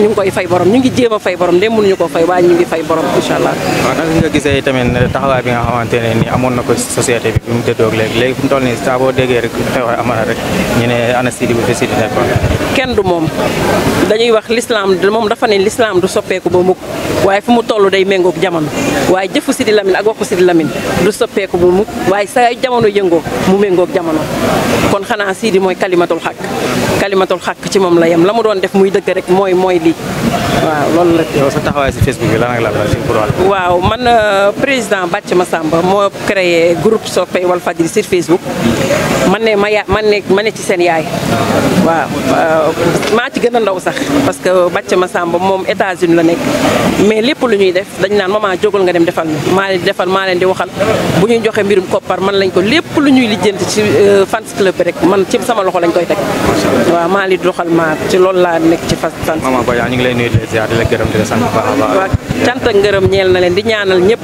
ñu ngi koy fay borom ñu ngi jéem fay borom xam ne mënuñu ko fay waaye ñu ngi fay borom incha allah. waaw nga gisee tamit taxawaay bi nga xamante ne ni amoon na ko société bi bi mu déddoog léegi léegi fu mu toll nii saa boo rek xew amara rek ñu ne ana Sidy bu fi Sidy nekkoon kenn du mom dañuy wax l'islam mom dafa ne l'islam du soppeku ba mukk waye fu mu toll day ak jamono waaye jëfu Sidi Lamine ak waxu Sidi Lamine du soppeku ba mukk waye sa jamono yëngoo mu ak jamono kon xana Sidi moy kalimatul haqq kalimatul haqq ci mom la yam lamu doon def muy deug rek moy moy li waaw loolu la. yow sa taxaway ci Facebook bi la nak la la waaw man euh, président Bathie Massamba mo créé groupe wal fadil sur Facebook man ne ma ya-, man ne ma ne ci sen yaay waaw. Euh, ma ci gëna ndaw sax parce que bàcc ma sàmba mom États-Unis la nek mais lépp lu ñuy def dañ nan mama jogol nga dem defal ñu maa leen defal maa leen di waxal bu joxe mbirum copar man lañ ko lépp lu ñuy lijjanti ci euh, fans club rek man ci sama loxo lañ koy teg ma maa li doxal ma ci lool la nek ci fans mama maman ya ñu ngi lay nuyu di ziar di la gërëm di la sant ba ba tant cant ak ñeel na leen di ñaanal ñëpp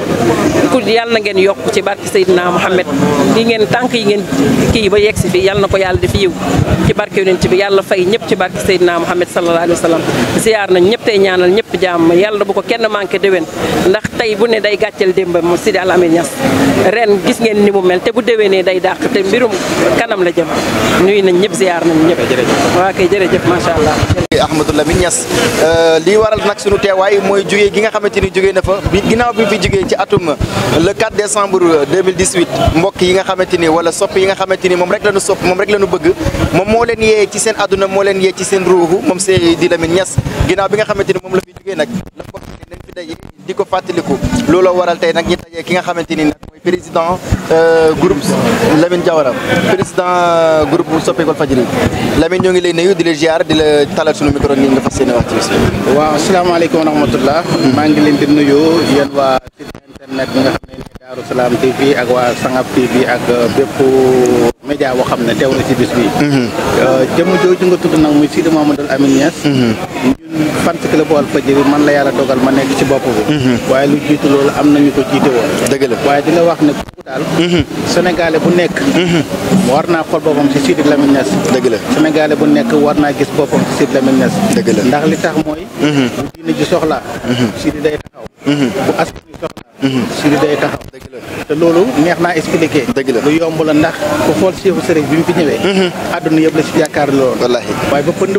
ku yalla ngeen yok ci barki sayyidina muhammad di ngeen tank yi ngeen ki ba yegg fi yalla nako yalla def yiw ci barke yonent bi yalla fay ñëpp ci barke Seydina Muhammad sallallahu alayhi wa sallam ziar nañ ñëpp tey ñaanal ñëpp jàmm yàlla bu ko kenn manqué déwén ndax tey bu ne day gàcceel démba moom Sidi Alamin Niass ren gis ngeen ni mel te bu déwénee day dàq te mbirum kanam la jëm nuyu nañ ñëpp ziar nañ ñëpp waa kay jërëjëf macha allah Ahmadou Lamine Niass euh, lii waral nag sunu teewaay mooy jógee gi nga xamante ni jógee na fa bi ginnaaw bi fi jógee ci atum le 4 décembre mbokk yi nga xamante ni wala sopp yi nga xamante ni moom rek lañu sopp moom rek ye ci seen ruuxu moom Seydi Lamine Niass ginnaaw bi nga xamante ni moom la fi jógee nag la ko fi daje lolo ko fàttaliku looloo waral tey nag ñi daje ki nga xamante ni nag mooy président euh, groupe Lamine Diawara président euh, groupe Soppey Walfadjri Lamine ñoo ngi lay nuyu di la ziar di le talal sunu micro nii nga fas yéene wax ci bis waaw asalaamaaleykum wa rahmatullah maa ngi leen di nuyu yéen waa internet nga xam ne Daaru TV ak waa Sangap TV ak euh, bépp média boo xam ne teew na ci bis bi mm-hmm. jëmm jooju nga tudd nag muy Sidi Mamadou Amine Niass mm-hmm. fans club Walfadjri man la yàlla dogal ma nekk ci bopp bi mhm. waaye lu jiitu loolu am nañu ko jiite woon dëgg la waaye dina wax ne kooku daal mhm. sénégalais bu nekk mhm. war naa xool boppam si Sidy Lamine Niass dëgg la sénégalais bu nekk war naa gis boppam si Sidy Lamine Niass dëgg la ndax li taxaw la te loolu neex naa expliqué la lu yomb la ndax ku xool seexu sëriñ bi mu fi ñëwee àdduna yëpp la si yaakaar loolu waaye ba pënd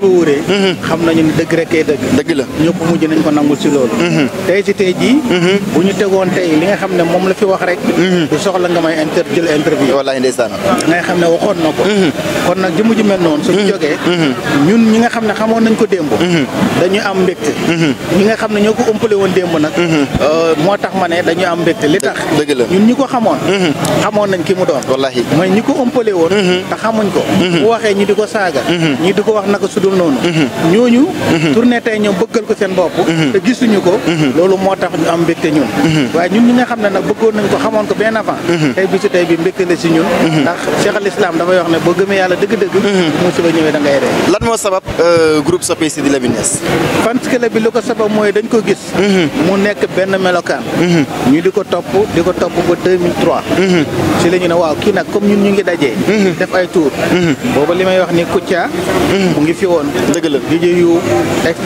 xam nañu ne dëgg rek day dëgg dëgg la ñëpp mujj nañ ko nangul si loolu mhm. tey si tey jii mhm. bu ñu tegoon tey li nga xam ne moom la fi wax rek mhm. du soxla nga may inter jël interview wallaay nga xam ne waxoon na ko kon nag jëmu ji mel noonu suñu nga xam ne nañ ko démb dañu am mbégte ñi nga xam ne ñoo ko ëmpale woon démb nag euh, moo tax ma ne dañu am mbégte li tax dëgg la ñun ñi ko xamoon xamoon nañ ki mu doon wallahi mooy ñi ko ëmpale woon te xamuñ ko bu waxee ñi di ko saaga ñi di ko wax naka sudul noonu ñooñu ne tay ñoom bëggal ko seen bop mhm. te gisunu ko mhm. lolu mo tax ñu am mbégte ñun mhm. way ñun ñi nga xamne nak nag bëggoon nañ ko xamoon ko bien avant tay bi ci tay bi mbégte na ci ñun ndax Cheikh al Islam dafa wax ne bo gëmé yalla dëgg-dëgg mo ba ñëwé da ngay ree lan mo sabab euh groupe soppee la Lamine Niass fans club bi lu ko sabab moy dañ ko gis mu nekk ben melokan ñu diko top diko top ba 2003 ci lañu ñu ne waaw ki nak comme ñun ñu ngi dajé def ay tour booba li may wax ni kutia mu ngi fi won deug la DJ yu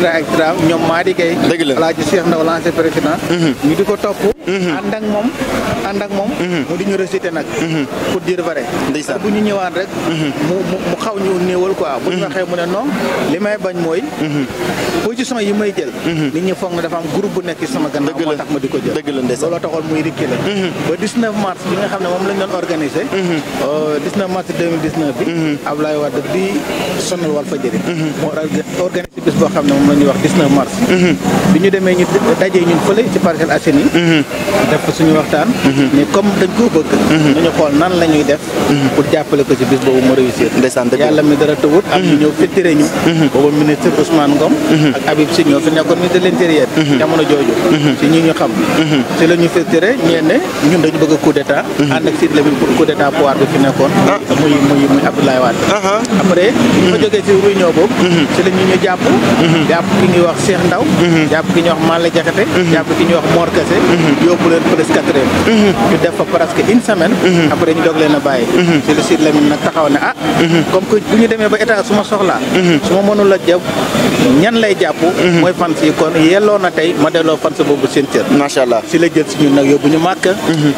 train ak tram ñoom Madi Gueye dëgg la alaaji Cheikh Ndaw lancé président mhm. ñu di ko topp mhm. ànd ak moom ànd ak moom mhm. mu di ñu récité nag pour dire vrai ndeysaan bu ñu ñëwaan rek mu mu xaw ñu néewal quoi bu ñu waxee mu ne non li may bañ mooy position yi may jël nit ñi foog na dafa am groupe bu nekk ci sama gannaaw moo tax ma di ko jël dëgg la ndeysaan looloo taxoon muy rikki la ba 19 mars bi nga xam ne moom lañ doon organisé 19 euh, mars 2019 bi Ablaye Wade di sonal Walfadjri moo organisé bis boo xam ne moom la ñuy wax 19 mars. Mhm. bi ñu demee ñu dajee ñun fële ci Parcelles Assainies yi. Mhm. def fa suñu waxtaan. Mhm. mais comme dañ koo bëgg. nañu xool nan la def. pour jàppale ko ci bis boobu mu réussir. yàlla mi dara tëwut. am ñu ñëw féetéré ñu. boobu ministre Ousmane Ngom. ak Habib Sy ñoo nekkoon ministre l'intérieur. jamono jooju. ci ñi ñu xam. ci la ñu féetéré ñeen ne ñun dañu bëgg coup ànd ak Sidy Lamine pour coup d'état pouvoir bi fi nekkoon. Ah. muy muy muy Abdoulaye Wade. Uh-huh. après ñu fa jógee jàpp ki ñuy wax Cheikh Ndaw mhm. jàpp ki ñuy wax Malé Diakhaté mhm. jàpp ki ñuy wax Mor Kassé mhm. yóbbu leen police quatrième ñu def fa presque une semaine après ñu doog leen a bàyyi si le sud Lamine nag taxaw ne ah comme que bu ñu ba état su ma soxlaa mënul a jàpp ñan lay jàpp mooy fans yi kon yelloo na tey ma delloo fans boobu seen cër macha allah si la jël si ñun nag yóbbu ñu màkk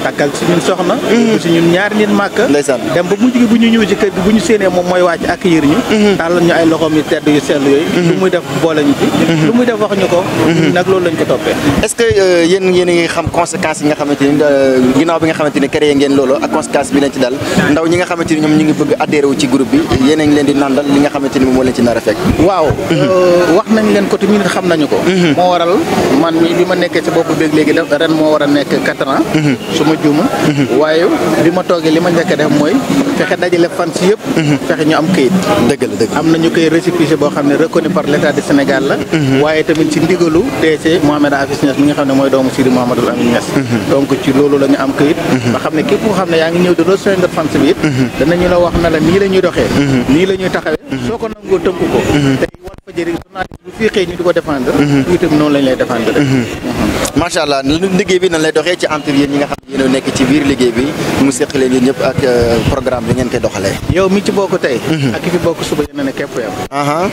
takkal si ñun soxna yóbbu si ñun ñaari nit màkk dem ba mujj gi bu ñu ñëw si kër gi bu ñu séenee moom mooy accueillir ñu tàllal ñu ay loxoom yu tedd yu sell yooyu lu muy def boole boole ñu ci mhm. lu muy def wax ñu ko mhm. nag loolu lañ ko toppee est ce que euh, yéen yéen a ngi xam conséquence yi nga xamante ni euh, bi nga xamante ni créé ngeen loolu ak conséquence bi leen ci dal ndaw ñi nga xamante ni ñoom ñu ngi bëgg adhéré wu ci groupe bi yéen a ngi leen di nandal li nga xamante ni moom moo leen ci nar a waaw mhm. euh, wax nañ leen ko te xam nañu ko moo waral man mi bi ma ci bopp béeg léegi ren moo war nekk quatre ans su ma juuma waaye bi ma toogee def mooy fexe dajale fan si yëpp ñu am këyit dëgg la dëgg am nañu koy récépissé boo xam ne reconnu par l'état du Sénégal Sénégal waaye tamit ci ndigalu DC Mohamed Afis Niass mi nga xam ne mooy doomu Sidi Mouhamadul Amin Niass donc ci loolu la am këyit nga xam ne képp koo xam ne yaa ngi ñëw di rejoindre fans bi it danañu la wax na la nii la doxee mhm. nii la taxawee mhm. soo ko nangoo tënk ko mhm. jëriñ journaliste bu fii xëy ñu di ko défendre. ñu mhm. itam noonu lañ lay défendre. Mhm. macha allah liggéey bi nan lay doxee ci entre yéen ñi nga xam ne yéen a nekk ci biir liggéey bi mu seq leen yéen ñëpp ak euh, programme bi ngeen doxalee. yow mi ci bokk tey. Mhm. ak ki fi bokk suba yéen a ne képp yam.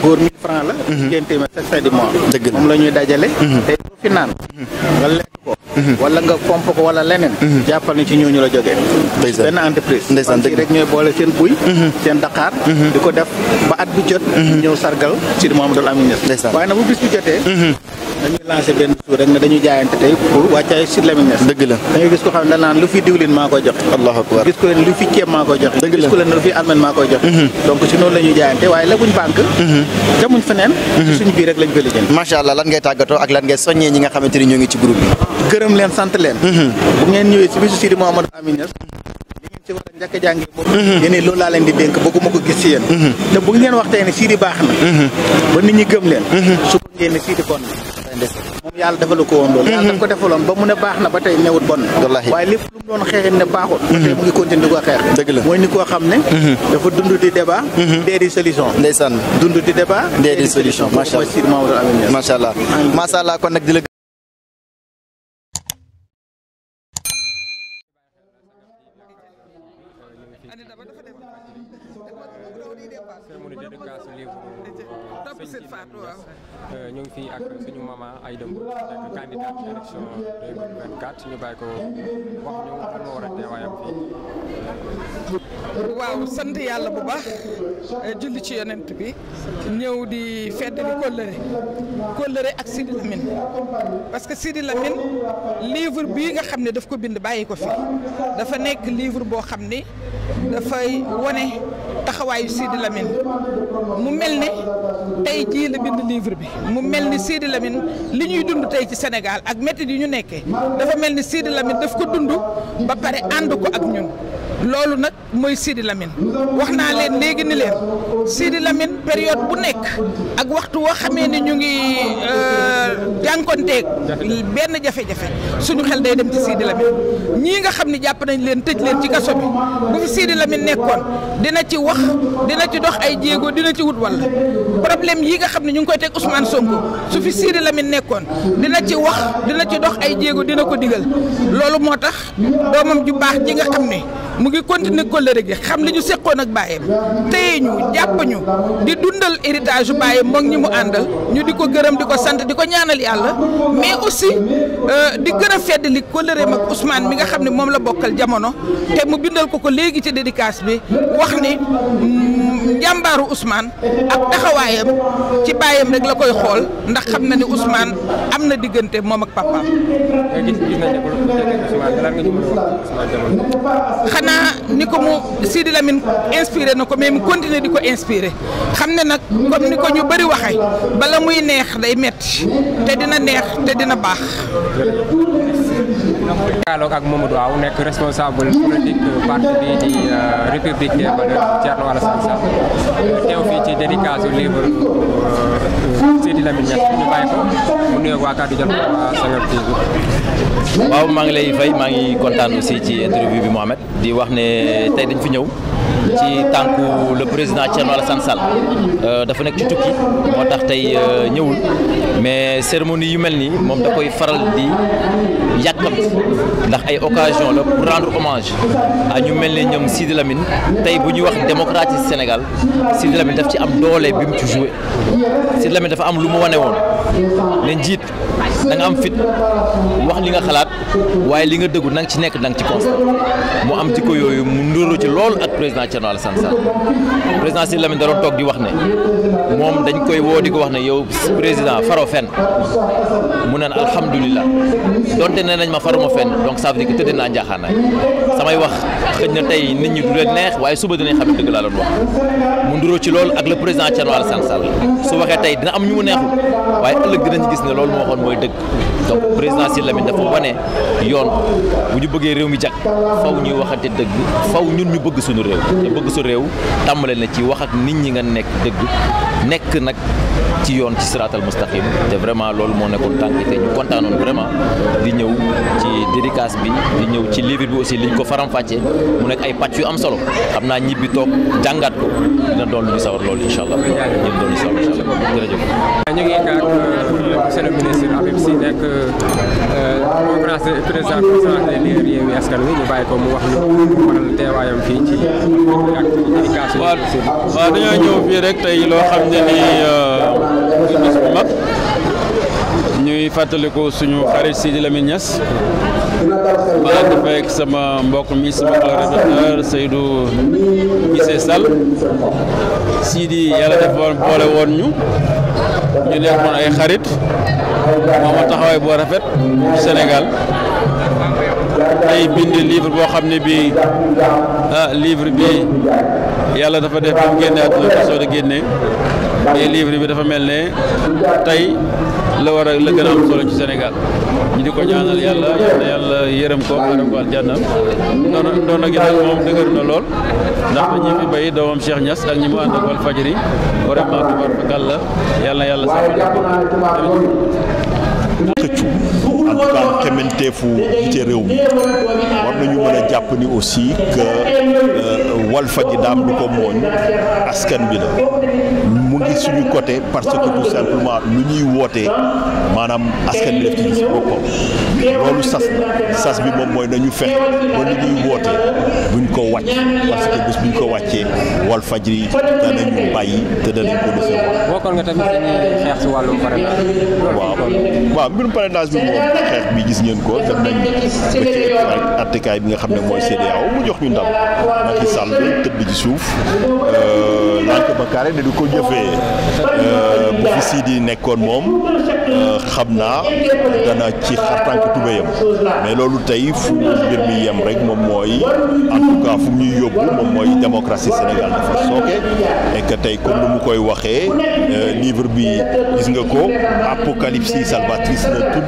góor mille francs la. jigéen téeméer chaque fin du mois. fi rek ñooy boole seen buy. seen daqaar. di ko def ba at bi jot. ñëw sargal si moom Abdou Lamine Niass waaye nag bu bis bi jotee mhm. dañuy lancé benn tour rek ne dañuy jaayante tey pour wàccaay si Lamine Niass dëgg la da gis ko xam ne danaan lu fi diwlin maa koy joxe allahu akbar gis ko leen lu fi ceeb maa koy joxe gis mhm. si noonu la jaayante waaye laguñ banque jamuñ mhm. feneen suñu biir rek lañ ko lijjanti macha allah lan ngay tàggatoo ak lan ngay soññee ñi nga xamante ni ñoo ngi ci groupe bi gërëm leen sant leen bu ngeen ñëwee si bisu ci war a njëkk a jàngee loolu laa leen di dénk ko gis si yéen mhm. bu ngeen waxtee ne Sidi baax mhm. ba nit ñi gëm leen mhm. su ko ngeen Sidi bon na moom yàlla ko woon loolu yàlla daf ko defaloon ba mu ne baax ba tey newut bon na waaye lu mu doon allah allah allah kon ñoo ngi ak suñu a waaw sant yàlla bu baax eh, julli ci yonent bi ñëw di feddali kóllëre kóllëre ak Sidi Lamine parce que Sidi Lamine livre bii nga xam ne daf ko bind bàyyi ko fi dafa nekk livre boo xam ni dafay wone taxawaayu Sidi Lamine mu mel ne tey jii la bind livre bi mu mel ni Sidi Lamine li ñuy dund tey ci Sénégal ak métti yu ñu nekkee dafa mel ni Sidi Lamine daf ko dund ba pare ànd ko ak ñun loolu nak moy Sidi Lamine waxna len legui ni len Sidi Lamine periode bu nek ak waxtu wo xamé ni ñu ngi euh, jankonté ben jafé jafé suñu xel day dem ci Sidi Lamine ñi nga xamni japp nañ len tejj len ci kasso bi bu fi Sidi Lamine nekkon dina ci wax dina ci dox ay jéego dina ci wut Problem problème yi nga xamni ñu ngi koy tek Ousmane Sonko su fi Sidi Lamine nekkon dina ci wax dina ci dox ay jéego dina ko digal loolu motax domam jubah ju baax ji nga xamni mu ngi continuer kóllëre gi xam li ñu seqoon ak bàyyam téye ñu jàpp ñu di dundal héritage yu bàyyam moom ñi mu àndal ñu di ko gërëm di ko sant di ko ñaanal yàlla mais aussi euh, di gën a feddali kóllëreem ak Ousmane mi nga xam ne moom la bokkal jamono te mu bindal ko ko léegi ci dédicace bi wax ni jàmbaaru Ousmane ak taxawaayam ci bàyyam rek la koy xool ndax xam na ni Ousmane am na diggante moom ak papaam. xanaa ni ko mu Sidi Lamine na ko mais mu continuer di ko inspiré xam ne nag comme ni ko ñu bari waxee bala muy neex day metti te dina neex te dina baax. kaaloog ak Mamadou Aw nekk responsable politique parti bi di euh, République des Valeurs Thierno Alassane Sall teew fii ci dédicace livre euh, Seydi Lamine Niass ñu bàyyi ko mu nuyoo waa kàddu jot waa Senghor TV waaw maa ngi lay fay maa ngi kontaan aussi ci interview bi Mohamed di wax ne tey dañ fi ñëw ci le président Thierno Alassane Sall euh, dafa ci tukki euh, mais cérémonie yu occasion la pour rendre hommage à ñu melni Sidi Lamine démocratie Sénégal Sidi Lamine daf ci am Sidi Lamine dafa am na am fit wax li nga xalaat waaye li nga dëggu na ci nekk na ci constat mu am jikko yooyu mu ndóoro ci lool ak président Thierno Alassane Sall président Sidy Lamine da toog di wax ne moom dañ koy woo di ko wax ne yow président faro fenn mu naan alhamdulilah donte nee nañ ma faruma fenn donc ça veut dire que tëddee naa njaaxaanaay samay wax xëj na tey nit ñi du leen neex waaye suba dinañ xam ne dëgg laa doon wax mu ndóoro ci lool ak le président Thierno Alassane Sall su waxee tey dina am ñu mu neexul waaye ëllëg dinañ gis ne loolu moo waxoon mooy dëgg donc président présidentielle lamine dafa wone yoon bu ñu bëggé réew mi jag faaw ñuy waxati dëgg faaw ñun ñu bëgg suñu réew te bëgg su réew tambalé na ci wax ak nit ñi nga nekk dëgg nekk nak ci yoon ci siratal mustaqim té vraiment lool mo nekkon tanki té ñu contanon vraiment di ñëw ci dédicace bi di ñëw ci livre bi aussi liñ ko faram faccé mu nekk ay patch yu am solo xamna ñibbi toog ko dina doon lu sawar lool inshallah ñu doon sawar inshallah jërëjëf ñu ngi ak euh, monsieur le ministre Habib Sinek, nekk président conférence des leaders Yewwi Askan Wi ñu bàyyi ko mu wax ñu waral teewaayam fii ci ak dédication waaw ni suñu xarit Sidi Lamine sama mbokk mi sama collaborateur Seydou Guissé Sall Sidi yàlla def boole woon ñu ñu nekkoon ay xarit moom a taxawaay boo rafet Sénégal tey bind livre boo xam ne bii ah livre bi yàlla dafa def bi mu génne àdduna bi soo de génne mais livre bi dafa mel ne tey la war a la gën a am solo ci Sénégal ñu di ko ñaanal yàlla yàlla yàlla yërëm ko aram ko aljanna gi nag moom dëgër na lool ndax ñi fi bay doomam Cheikh Niass ak ñi mu ànd ak Walfadjri vraiment tubaarkalla yàlla yàlla saxal ko 个主。en tout cas xemanteefu jiite réew mi war nañu mën a jàpp ni aussi que euh, Walfadjri daam lu ko mooñ askan bi la mu ngi suñu côté parce que tout simplement lu ñuy wootee maanaam askan bi def ci gis boppam sas la sas bi moom mooy nañu fex ba lu ñuy woote buñ ko wàcc parce que bés buñ ko wàccee Walfadjri danañu bàyyi te danañ ko recevoir. bokkoon nga tamit dañuy xeex si bi moom. xeex bi gis ngeen ko dem nañ ba attekaay bi nga xam ne mooy CEDEAO mu jox ñu ndam Macky Sall tëdd ci suuf euh, lànk ba carré ne du ko jëfee euh, bu fi sii nekkoon moom euh, xam naa dana ci xartànk tubéyam mais loolu tey fu mbir mi yem rek moom mooy en tout fu ñuy yóbbu moom mooy démocratie Sénégal dafa sooke et tey comme nu mu koy waxee livre bi gis nga ko apocalypse salvatrice la tudd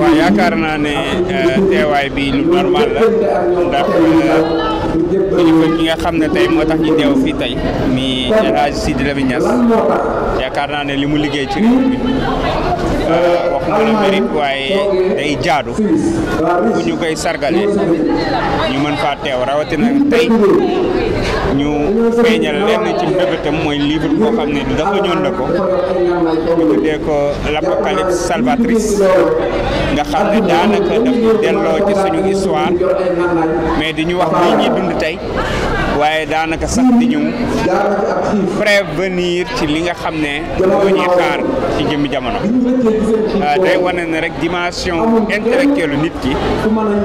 waaw yaakaar naa ne euh, teewaay bi lu normal la ndax euh, kilifa gi nga xam ne tey moo tax ñu teew fii tey mi El Hadj Sidi Lamine Niass yaakaar naa ne li mu liggéey ci réew mi euh, wax mën a waaye day jaadu bu ñu koy sargale ñu mën faa teew rawatina tey ñu feeñal lenn ci mbébétam mooy livre boo xam ne dafa ñoon na ko ñu tuddee ko l'apocalypse salvatrice nga xam ne daanaka daf delloo ci suñu histoire mais di ñu wax lii ñuy dund tey waaye daanaka sax di ñu prévenir ci li nga xam ne moo ñuy xaar ci jëmmi jamono ah, day wane ne rek dimension intellectuelle nit ki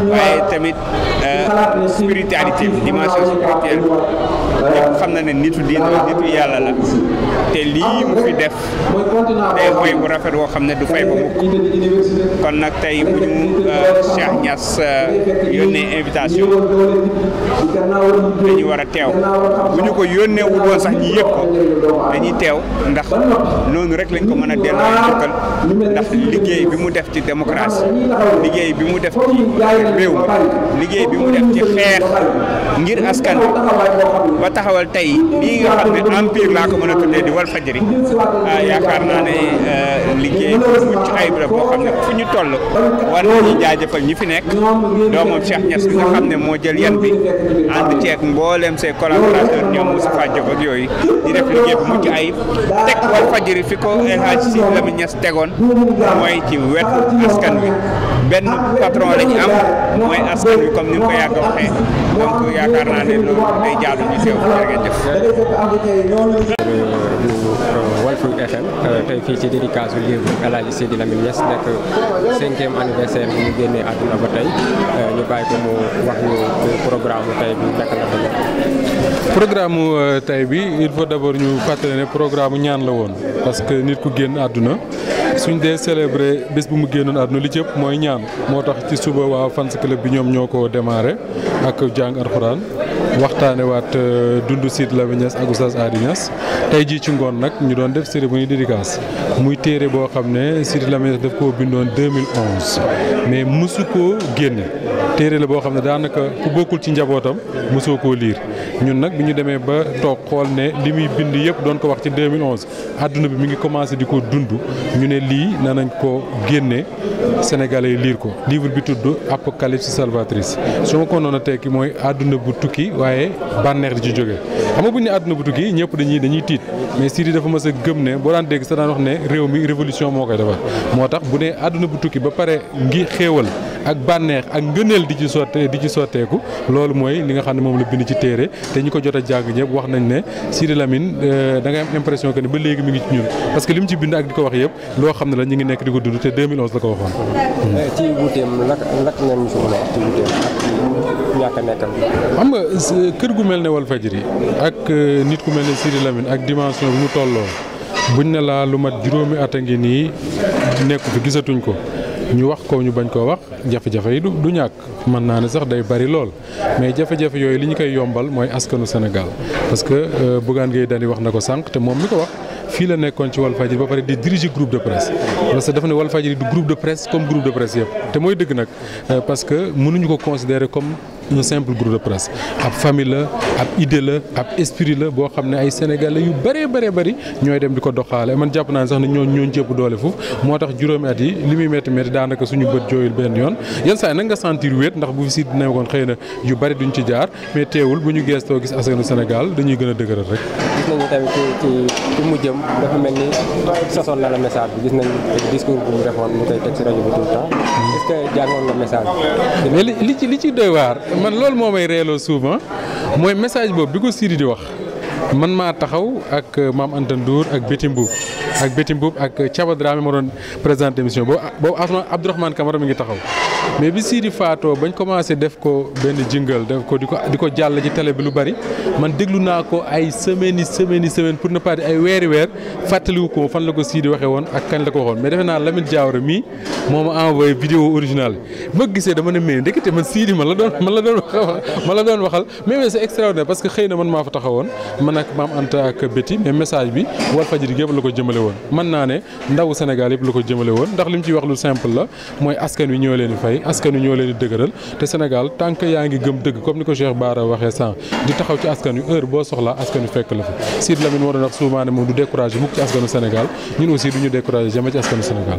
waaye tamit ah, spiritualité dimension spirituelle ñëpp xam na ne nitu diine nitu yàlla la te lii mu fi def day woy bu rafet woo xam ne du fay ba mukk kon nag tey bu ñu euh, Cheikh Niass euh, yónnee invitation dañu war a teew bu ñu ko yónnee wul woon sax ñi yëg ko dañuy teew ndax noonu rek lañ ko mën a delloo njukkal ndax liggéey bi mu def ci démocratie liggéey bi mu def ci réew mi liggéey bi mu def ci xeex ngir askan bi ba taxawal tey lii nga xam ne empire laa ko mën a di wal fajari ah, yaakaar naa ne euh, liggéey bu mucc ayib la boo xam ne fu ñu toll war nañu jaajëfal ñi fi nekk doomam Cheikh Niass bi nga xam ne moo jël yan bi ànd ceeg mbooleem ses collaborateurs ñoom Moustapha Diop ak yooyu di def liggéey bu mucc ayib teg wal fajari fi ko El Hadj Sy Lamine Niass tegoon mooy ci wetu askan wi benn patron la am mooy askan wi comme ni mu ko yàgg a waxee donc yaakaar naa ne loolu day jaalu ñu teew jërëjëf bu euh, Walfu FM euh, tey fii ci bi mu génnee àdduna ba tey euh, ñu bàyyi tey bi naka la ko programme tey il faut d'abord ñu fàttali ne programme ñaan la woon parce que nit ku génn àdduna suñ dee célébrer bés bu mu génnoon àdduna li mooy ñaan moo tax ci suba waa fans bi ñoom ñoo ko démarré ak jàng alxuraan waxtaane waat euh, dundu Sidy Lamine Niass ak Oustaz Hady tey jii ci ngoon nag ñu doon def cérémonie dédicace muy téere boo xam ne Sidy Lamine Niass daf koo bindoon 2011 mais mësu koo génne téere la boo xam ne daanaka ku bokkul ci njabootam mosoo ko liir ñun nag bi ñu demee ba toog xool ne li muy bind yëpp doon ko wax ci 2011 adduna bi mi ngi commencé di ko dund ñu ne lii nañ ko génne Sénégalais yi liir ko livre bi tudd Apocalypse salvatrice su ma ko noon a tekki mooy àdduna bu tukki waaye bànneex di ci jóge xam nga bu ne adduna bu tukki ñëpp dañuy dañuy tiit mais Sidi dafa mës a gëm ne boo daan dégg sa daan wax ne réew mi révolution moo koy defar moo tax bu ne adduna bu tukki ba pare ngi xéewal ak bànneex ak ngëneel di ci sottee di ci sotteeku loolu mooy li nga xam ne moom la bind ci téere te ñi ko jot a jàng ñëpp wax nañ ne Sidi Lamine euh, da ngay am impression que ne ba léegi mi ngi ci ñun parce que li mu ci bind ak di ko wax yëpp loo xam ne la ñu ngi nekk di ko dund te 2011 la ko waxoon. Eh, a wax ci wuuteem ak ñàkk a nekkal. xam nga kër gu mel ne Walfadjri ak euh, nit ku mel ne Sidi Lamine ak dimension bu mu tolloo buñ ne laa lu mat juróomi at a ngi nii nekku fi gisatuñ ko. ñu wax ko ñu bañ koo wax jafe-jafe yi du ñàkk mën naa ne sax day bari lool mais jafe-jafe yooyu li ñu koy yombal mooy askanu Sénégal parce que euh, Bougane Gueye Dany wax na ko sànq te moom mi ko wax fii la nekkoon ci Walfadjri ba pare di diriger groupe de presse parce que dafa ne Walfadjri du groupe de presse comme groupe de presse yëpp te mooy dëgg nag euh, parce mënuñu ko considérer comme un simple groupe de presse ab famille la ab idée la ab esprit la boo xam ne ay sénégalais yu bëree bëree bëri ñooy dem di ko doxaale man jàpp naa ne sax na ñoo ñooñu cëpp doole foofu moo tax juróomi at yi li muy métti métti daanaka suñu bët jooyul benn yoon yenn saa yi nag nga sentir wéet ndax bu fi si nekkoon xëy na yu bëri duñ ci jaar mais teewul bu ñu geestoo gis askanu Sénégal dañuy gën a dëgëral rek. gis nañu tamit ci ci mu jëm dafa mel ni sosoon na mu defoon mu koy teg si rajo bi tout le temps est-ce que jàngoon nga message bi. mais li man loolu moo may reeloo souvent mooy message boobu bi ko Sidi di wax man maa taxaw ak euh, maam Anta Ndour ak Betty Mbuub ak Betty Mbuub ak Thiaba Dramé ma doon présenté émission boobu ah, boobu Abdourahmane Camara mi ngi taxaw mais bi Sidi faatoo bañ commencé def ko benn jingle def ko di ko di ko jàll ci télé bi lu bari man déglu naa ko ay semaines yi semaines yi semaines pour ne pas ay weeri weer fàttaliwu ko fan la ko Sidi waxee woon ak kañ la ko waxoon mais defe naa Lamine Diawara mii moo ma envoyé vidéo originale bi ma gisee dama ne mais ndekete man la doon man la doon waxal man waxal mais parce que xëy na man maa fa taxawoon nag maam Anta ak Betty mais message bi Walfadjri gépp la ko jëmale woon mën naa ne ndawu Sénégal yëpp la ko jëmale woon ndax li mu ci wax lu simple la mooy askan wi ñoo leen dëgëral te Sénégal tant yaa ngi gëm dëgg comme ni ko Cheikh Bara waxee sànq di taxaw ci askan wi heure boo soxlaa askan wi fekk la fi Sidy Lamine moo doon wax souvent moom du découragé mukk ci askanu Sénégal ñun aussi du ñu découragé jamais ci askanu Sénégal